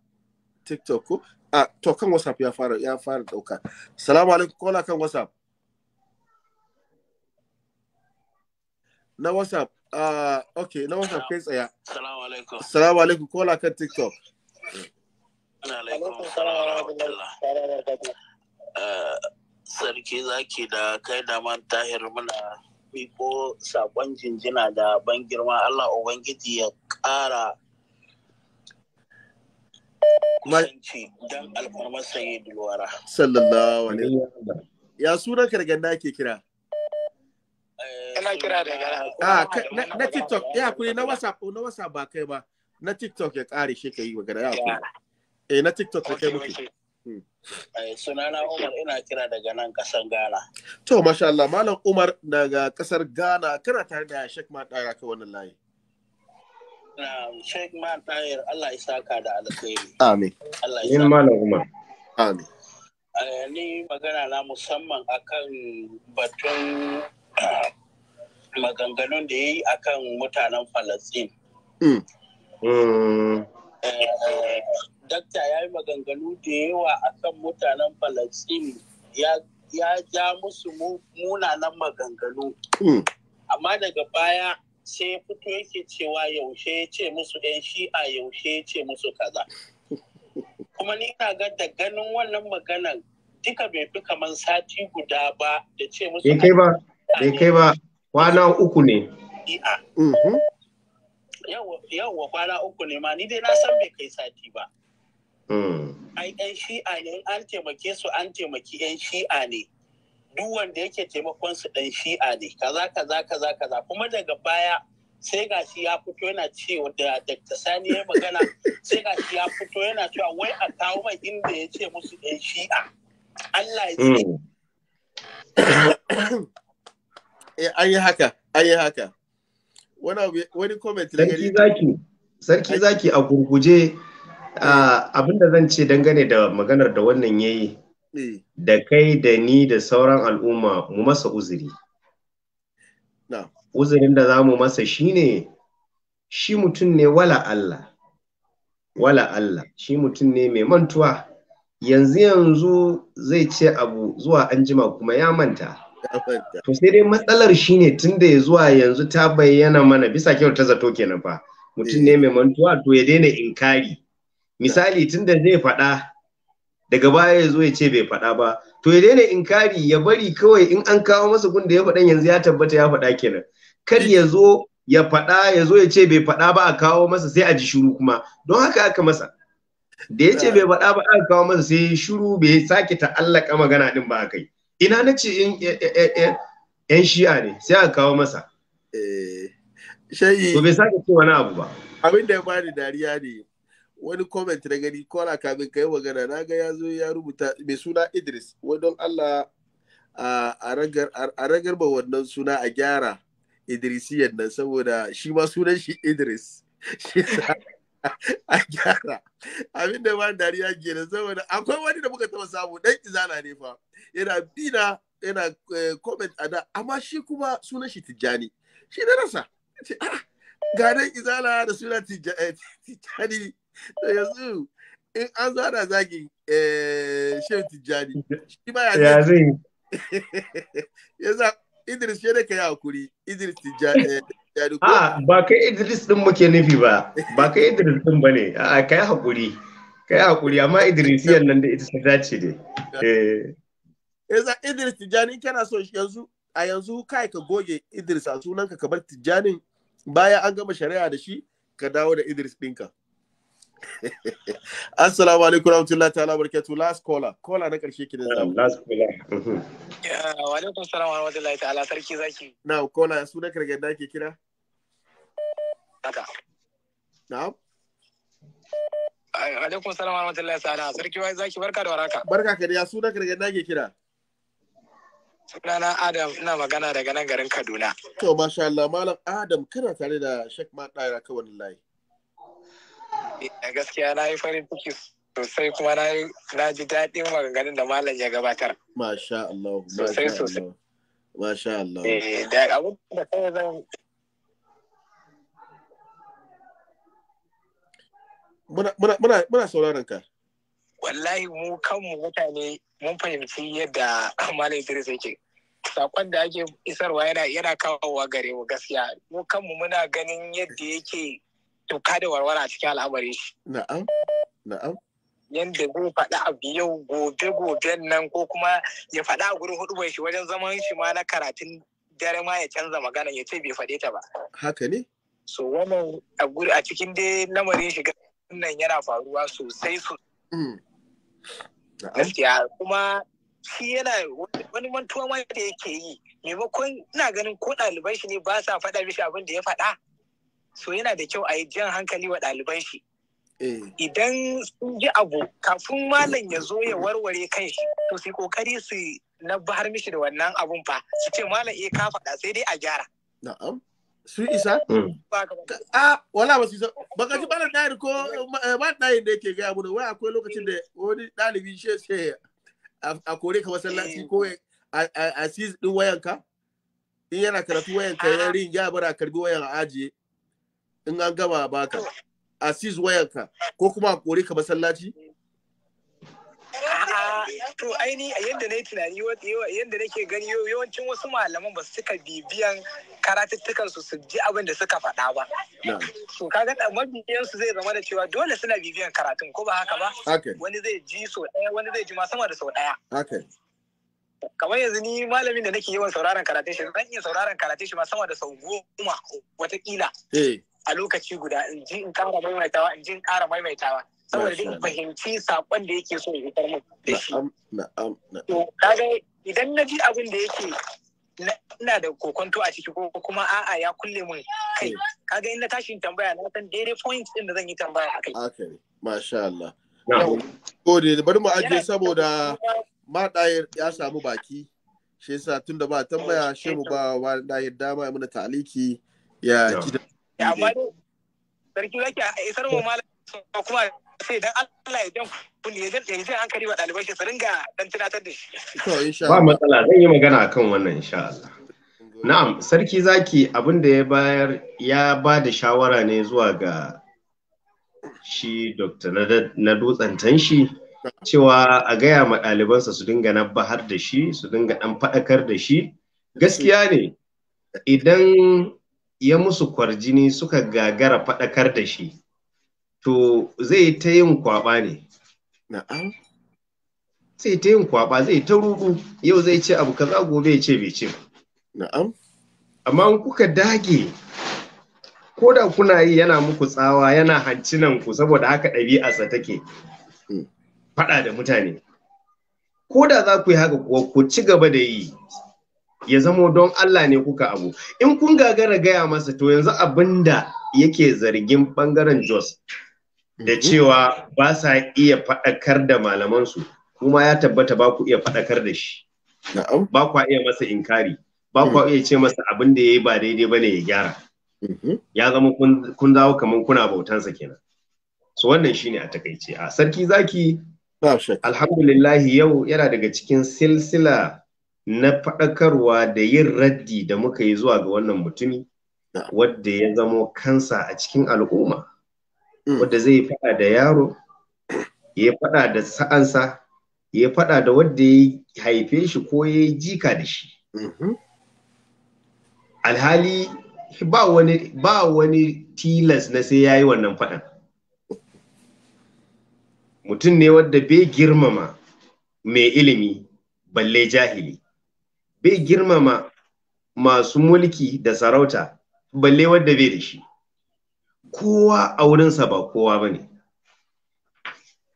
Speaker 1: tiktok ko uh, to kan whatsapp ya fara ya fara dauka assalamu alaikum kola kan whatsapp na whatsapp uh, ok na whatsapp kai tsaya assalamu alaikum assalamu alaikum kola kan tiktok
Speaker 4: alaikum uh, sarki zaki da kai da man tahir muna karfi ko sakon jinjina da ban girma Allah Ubangiji ya kara
Speaker 1: kusanci don alfarmar sayi dulwara. Sallallahu alaihi Ya suna kargan da ake kira? Eh, ina kira da daga ah, na TikTok, ya kuri na WhatsApp, na WhatsApp ba kai ba. Na TikTok ya kare shi ka yi magana ya kuri. Eh na TikTok ka kai muke.
Speaker 4: Eh, sunana Umar ina kira daga nan kasar Ghana.
Speaker 1: To, masha Allah, Malam Umar daga kasar Ghana, kana tare da Sheikh Mataya
Speaker 4: ka wannan layi. Na Sheikh Matayar Allah ya ka da alkhairi.
Speaker 7: Amin. Allah ya saka. Malam Umar. Amin. Eh,
Speaker 4: ni magana na musamman akan batun maganganun da ya yi akan mutanen Falasɗin. Mm. Mm. Eh, dakta ya yi maganganu da yawa a kan mutanen Falasini ya ja musu munanan maganganu. Hmm. Amma daga baya sai ya fito yake cewa yaushe ya ce musu ‘yan shi'a yaushe ya ce musu kaza. Kuma ni na ga da ganin wannan
Speaker 2: maganan duka bai fi kamar sati guda ba da ce musu. kai ba, bai kai ba, kwana uku ne. Mhm. Yawwa kwana uku ne ma, ni dai na san bai kai sati
Speaker 4: ba. Mm. ai yan shi'a ne in an taimake su an taimaki yan shi'a ne duk wanda yake taimakon su ɗan shi'a ne kaza kaza kaza kaza kuma daga baya sai ga shi ya fito yana ce da Dr. Sani ya magana sai ga shi ya fito yana cewa wai a kawo mai inda ya ce musu yan shi'a Allah ya ce
Speaker 1: mm. eh, an yi haka an yi haka
Speaker 2: wani comment na gari sarki zaki a gurguje abin da zan ce dangane da maganar da wannan ya yi eh. da kai da ni da sauran al'umma mu masa uzuri uzurin da za mu masa shi ne, shi mutum ne wala Allah wala Allah shi mutum ne mai mantuwa yanzu yanzu zai ce abu zuwa an jima kuma ya manta to sai dai matsalar shi shine tunda ya zuwa yanzu ta bayyana mana bisa kyau ta zato kenan fa mutum ne eh. mai mantuwa to ya daina inkari misali tun da zai faɗa daga baya ya zo ya ce bai faɗa ba to ya daina inkari ya bari kawai in an kawo masa gun da ya faɗa yanzu ya tabbata ya faɗa kenan kar ya zo ya faɗa ya zo ya ce bai faɗa ba a kawo masa sai a ji shiru kuma don haka aka masa da ya ce bai faɗa ba a kawo masa sai shiru bai sake ta'allaka magana din ba a kai ina na ce in eh, eh, eh, yan shi'a ne sai a kawo masa
Speaker 3: to bai sake ce wani abu ba
Speaker 2: abin da ya bani dariya ne
Speaker 1: wani comment na gani ko ala kamin ka yi magana na ga ya zo ya rubuta mai suna idris wai don allah a ragar ba wannan suna a gyara idrisiyan nan saboda shi ma sunan shi idris shi a gyara abin da ba dariya ke da saboda akwai wani da muka taba samu dan izana ne fa yana bina yana eh, comment a da amma shi kuma sunan shi tijjani shi da rasa ah, ga dan izana da suna eh, tijjani to yanzu in an zo ana zagi eh, shehu tijjani shi ba ya
Speaker 4: zai
Speaker 2: yanzu idris shi ne ka yi hakuri idris tijjani eh, ah, ba kai idris din muke nufi ba ba kai idris din ba ne ah, ka yi hakuri yi hakuri amma idrisiyan nan da ita ta dace ne eh.
Speaker 1: yanzu idris tijjani kana so yanzu a yanzu kai ka goge idris a sunanka ka bar tijjanin bayan an gama shari'a da shi ka dawo da idris ɗinka. Assalamu alaikum rahmatullahi ta'ala barkatu last caller caller na karshe ki da zamu last caller mm-hmm. wa alaikum salam wa rahmatullahi ta'ala sarki zaki na caller su da karga da ke kira haka na'am
Speaker 6: alaikum salam wa rahmatullahi ta'ala sarki wai zaki barka da waraka
Speaker 1: barka ka da su da karga da ke kira
Speaker 6: sunana Adam ina magana daga nan garin Kaduna
Speaker 1: to masha Allah malam Adam kana tare da ma Maɗaira kawai wallahi
Speaker 6: gaskiya na yi farin ciki sosai kuma na ji daɗin maganganun da malam ya gabatar.
Speaker 1: Masha Allah.
Speaker 6: Sosai sosai.
Speaker 1: Masha Allah.
Speaker 6: Eh,
Speaker 7: da abin da kai zan
Speaker 1: Muna sauraron ka.
Speaker 6: Wallahi mu kanmu mutane mun fahimci yadda Malam Idris yake. Sakon da ake isarwa yana kawowa gare mu gaskiya. Mu kanmu muna ganin yadda yake tuka da warwara a cikin al'amarin shi.
Speaker 1: Na'am, na'am.
Speaker 6: Yanda go faɗi abu yau gobe goben nan ko kuma ya faɗa a gurin hudu shi wajen zaman shi ma na karatun dare ma ya canza magana ya ce bai faɗe ta ba. Haka ne? So wannan a cikin dai lamarin shiga wannan yana faruwa sosai sosai. Mm. Gaskiya kuma shi yana wani mantuwa ma da yake yi maimakon ina ganin ko ɗalibai shi ne ba sa faɗa mishi abin da ya faɗa so yana da kyau a yi jan hankali wa ɗaliban shi eh. idan sun ji abu kafin malam ya zo ya warware kan shi to sai kokari su na bahar mishi da wannan abun fa su ce malam iya eh, ka faɗa sai dai a gyara
Speaker 1: na'am su isa mm. a wala ba su isa ka ji malam ɗari ko ba eh, dayin da yake gaya mun wai akwai lokacin da wani ɗalibi shi ce a kore ka masallaci ko a sis ɗin wayanka in yana karatu wayanka ya rin ya bara karbi wayan a ajiye in an gama baka a seize wayanka ko kuma a kore ka masallaci
Speaker 6: to aini a yadda na yi tunani yadda nake gani yawancin wasu malaman ba su bibiyan karatuttukan su su ji abin da suka faɗa ba. So kaga da mabiyan su zai zama da cewa dole suna bibiyan karatun ko ba haka ba? Wani zai ji so ɗaya wani zai ji ma sama da sau
Speaker 8: ɗaya.
Speaker 6: Kamar yanzu ni malamin da nake yawan sauraron karatun shi zan iya sauraron karatun shi ma sama da sau goma watakila. Eh. a lokaci guda in ji in ƙara maimaitawa in ji in ƙara maimaitawa saboda duk fahimci saƙon da yake so ya fitar min da shi. To kaga idan na ji abin da yake ina da kokonto a ciki ko kuma a'a ya kulle mun kai eh. kaga in na tashi tambaya na san daidai point din da zan yi tambaya
Speaker 1: kai okay masha Allah. Gode bari mu ajiye saboda maɗayar ya samu baki shi yasa tun da ba tambaya eh, shi mu ba wa ɗayar dama ya muna taliki ya ji da amma
Speaker 6: sarki zaki a isar mu malam kuma sai dan Allah ya jan kun ya jan ya hankali wa ɗalibai su ringa dan tunatar
Speaker 1: da shi
Speaker 4: ba
Speaker 2: matsala zan yi magana akan wannan insha Allah na'am sarki zaki abin da ya bayar ya ba da shawara ne zuwa ga shi Dr. na dutsen shi. cewa a gaya ma ɗalibansa su dinga nabbahar da shi su dinga ɗan faɗakar da shi gaskiya ne idan ya musu kwarjini suka gagara faɗakar da shi to zai ta yin kwaba ne na'am zai ta yin kwaba zai ta yau zai ce abu kaza gobe ya ce bai ce na'am amma kuka dage ko da kuna yi yana muku tsawa yana hancinan ku saboda haka ɗabi'arsa take hmm. faɗa da mutane ko da za ku yi haka kuwa ku ci gaba da yi ya zamo don Allah ne kuka abu in kun gagara gaya masa to yanzu abinda yake zargin bangaren Jos da mhm. cewa ba sa iya faɗakar da malamansu kuma ya tabbata ba ku iya faɗakar da shi ba kwa iya masa inkari ba kwa mhm. iya ce masa abin ya yi ba daidai ba ne ya gyara mhm. ya zama kun zawo kamar kuna bautansa kenan Su wannan shi ne a takaice a sarki zaki alhamdulillahi yau yana daga cikin silsila na faɗakarwa da yin raddi da muka yi zuwa ga wannan mutumi wadda ya zamo kansa a cikin al'umma mm. wadda zai faɗa da yaro ya faɗa da sa'ansa ya faɗa da wadda ya haife shi ko ya jika da shi mm-hmm. alhali ba wani tilas na sai ya yi wannan faɗan mutum ne wadda bai girmama mai ilimi balle jahili bai girmama masu mulki da sarauta balle wadda bai da shi kowa a wurinsa ba kowa ba ne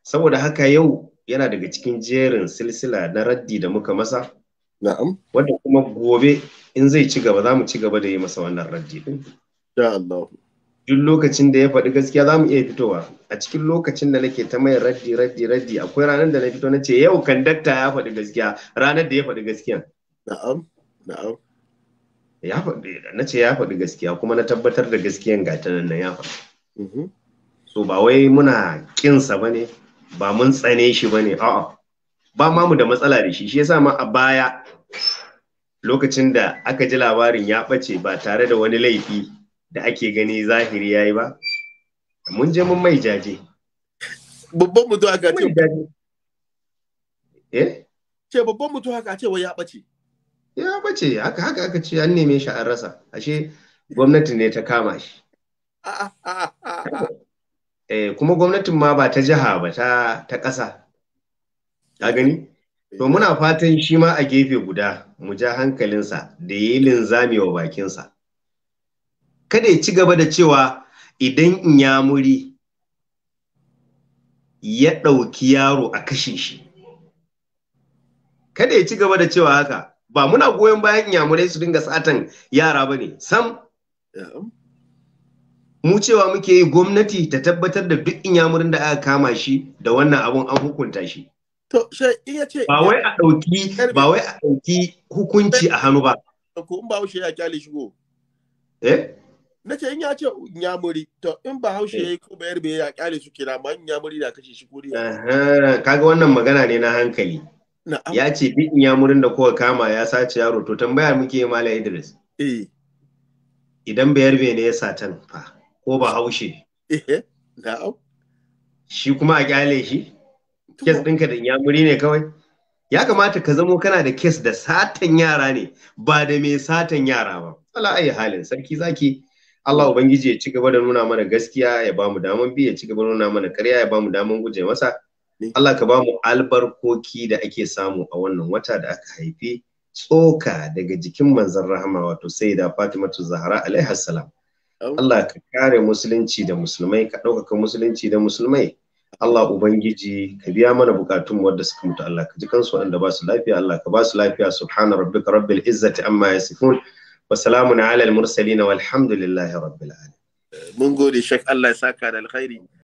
Speaker 2: saboda haka yau yana daga cikin jerin silsila na raddi da muka masa na'am wanda kuma gobe in zai ci gaba za mu ci gaba da yi masa wannan raddi din duk lokacin da ya faɗi gaskiya za mu iya fitowa a cikin lokacin da nake ta mai raddi raddi raddi akwai ranar da na fito na ce yau kandakta ya faɗi gaskiya ranar da ya faɗi gaskiya Na'am, na'am. Ya faɗi, na ce ya faɗi gaskiya kuma na tabbatar da gaskiyan gatanan nan ya faɗi. Mhm. So ba wai muna kinsa ba ne, ba mun tsane shi ba ne, a'a. Ba ma mu da matsala da shi, shi yasa ma a baya lokacin da aka ji labarin ya ɓace ba tare da wani laifi da ake gani zahiri ya yi ba, mun je mun mai jaje. Babban mutu aka ce. Eh? Ce babban mutu haka ce wai ya ɓace. ya bace haka haka aka ce an neme shi an rasa ashe gwamnati ne ta kama shi eh kuma gwamnatin ma ba ta jiha ba ta ta ƙasa ka gani to muna fatan shi ma a gefe guda mu ja hankalinsa da ya yi linzami wa bakinsa kada ya ci gaba da cewa idan inyamuri ya ɗauki yaro a kashe shi kada ya ci gaba da cewa haka ba muna goyon bayan inyamurai su dinga satan yara ba ne sam mu cewa muke yi gwamnati ta tabbatar da duk inyamurin da aka kama shi da wannan abun an hukunta shi ba wai a dauki ba wai a dauki hukunci a hannu ba
Speaker 1: ko in ba haushe ya kyale shi shigo eh ce in ya ce inyamuri to in ba haushe eh. yayi ko bayar bai ya kyale su kira ma inyamuri da kashe shi ko dai
Speaker 2: kaga wannan magana ne na hankali ya ce duk yamurin da kowa kama ya sace yaro to tambaya muke mala idris eh. idan bayar ne ya satan fa ko ba haushe eh, shi kuma a kyale shi kes ɗinka da yamuri ne kawai ya kamata ka zamo kana da kes da satan yara ne ba da mai satan yara ba ala ayi halin sarki zaki Allah ubangiji ya ci gaba da nuna mana gaskiya ya bamu daman bi ya ci gaba da nuna mana karya ya bamu daman guje masa Allah ka ba mu albarkoki da ake samu a wannan wata da aka haifi tsoka daga jikin manzan rahama wato Fatima Fatimatu Zahra alaiha salam Allah ka kare musulunci da musulmai ka ɗaukaka musulunci da musulmai Allah Ubangiji ka biya mana bukatun wadda suka mutu Allah ka ji kansu wanda ba su lafiya Allah ka ba su lafiya subhana rabbika rabbil izzati amma yasifun wa salamun ala al mursalin walhamdulillahi rabbil alamin
Speaker 1: mun gode shek Allah ya saka da alkhairi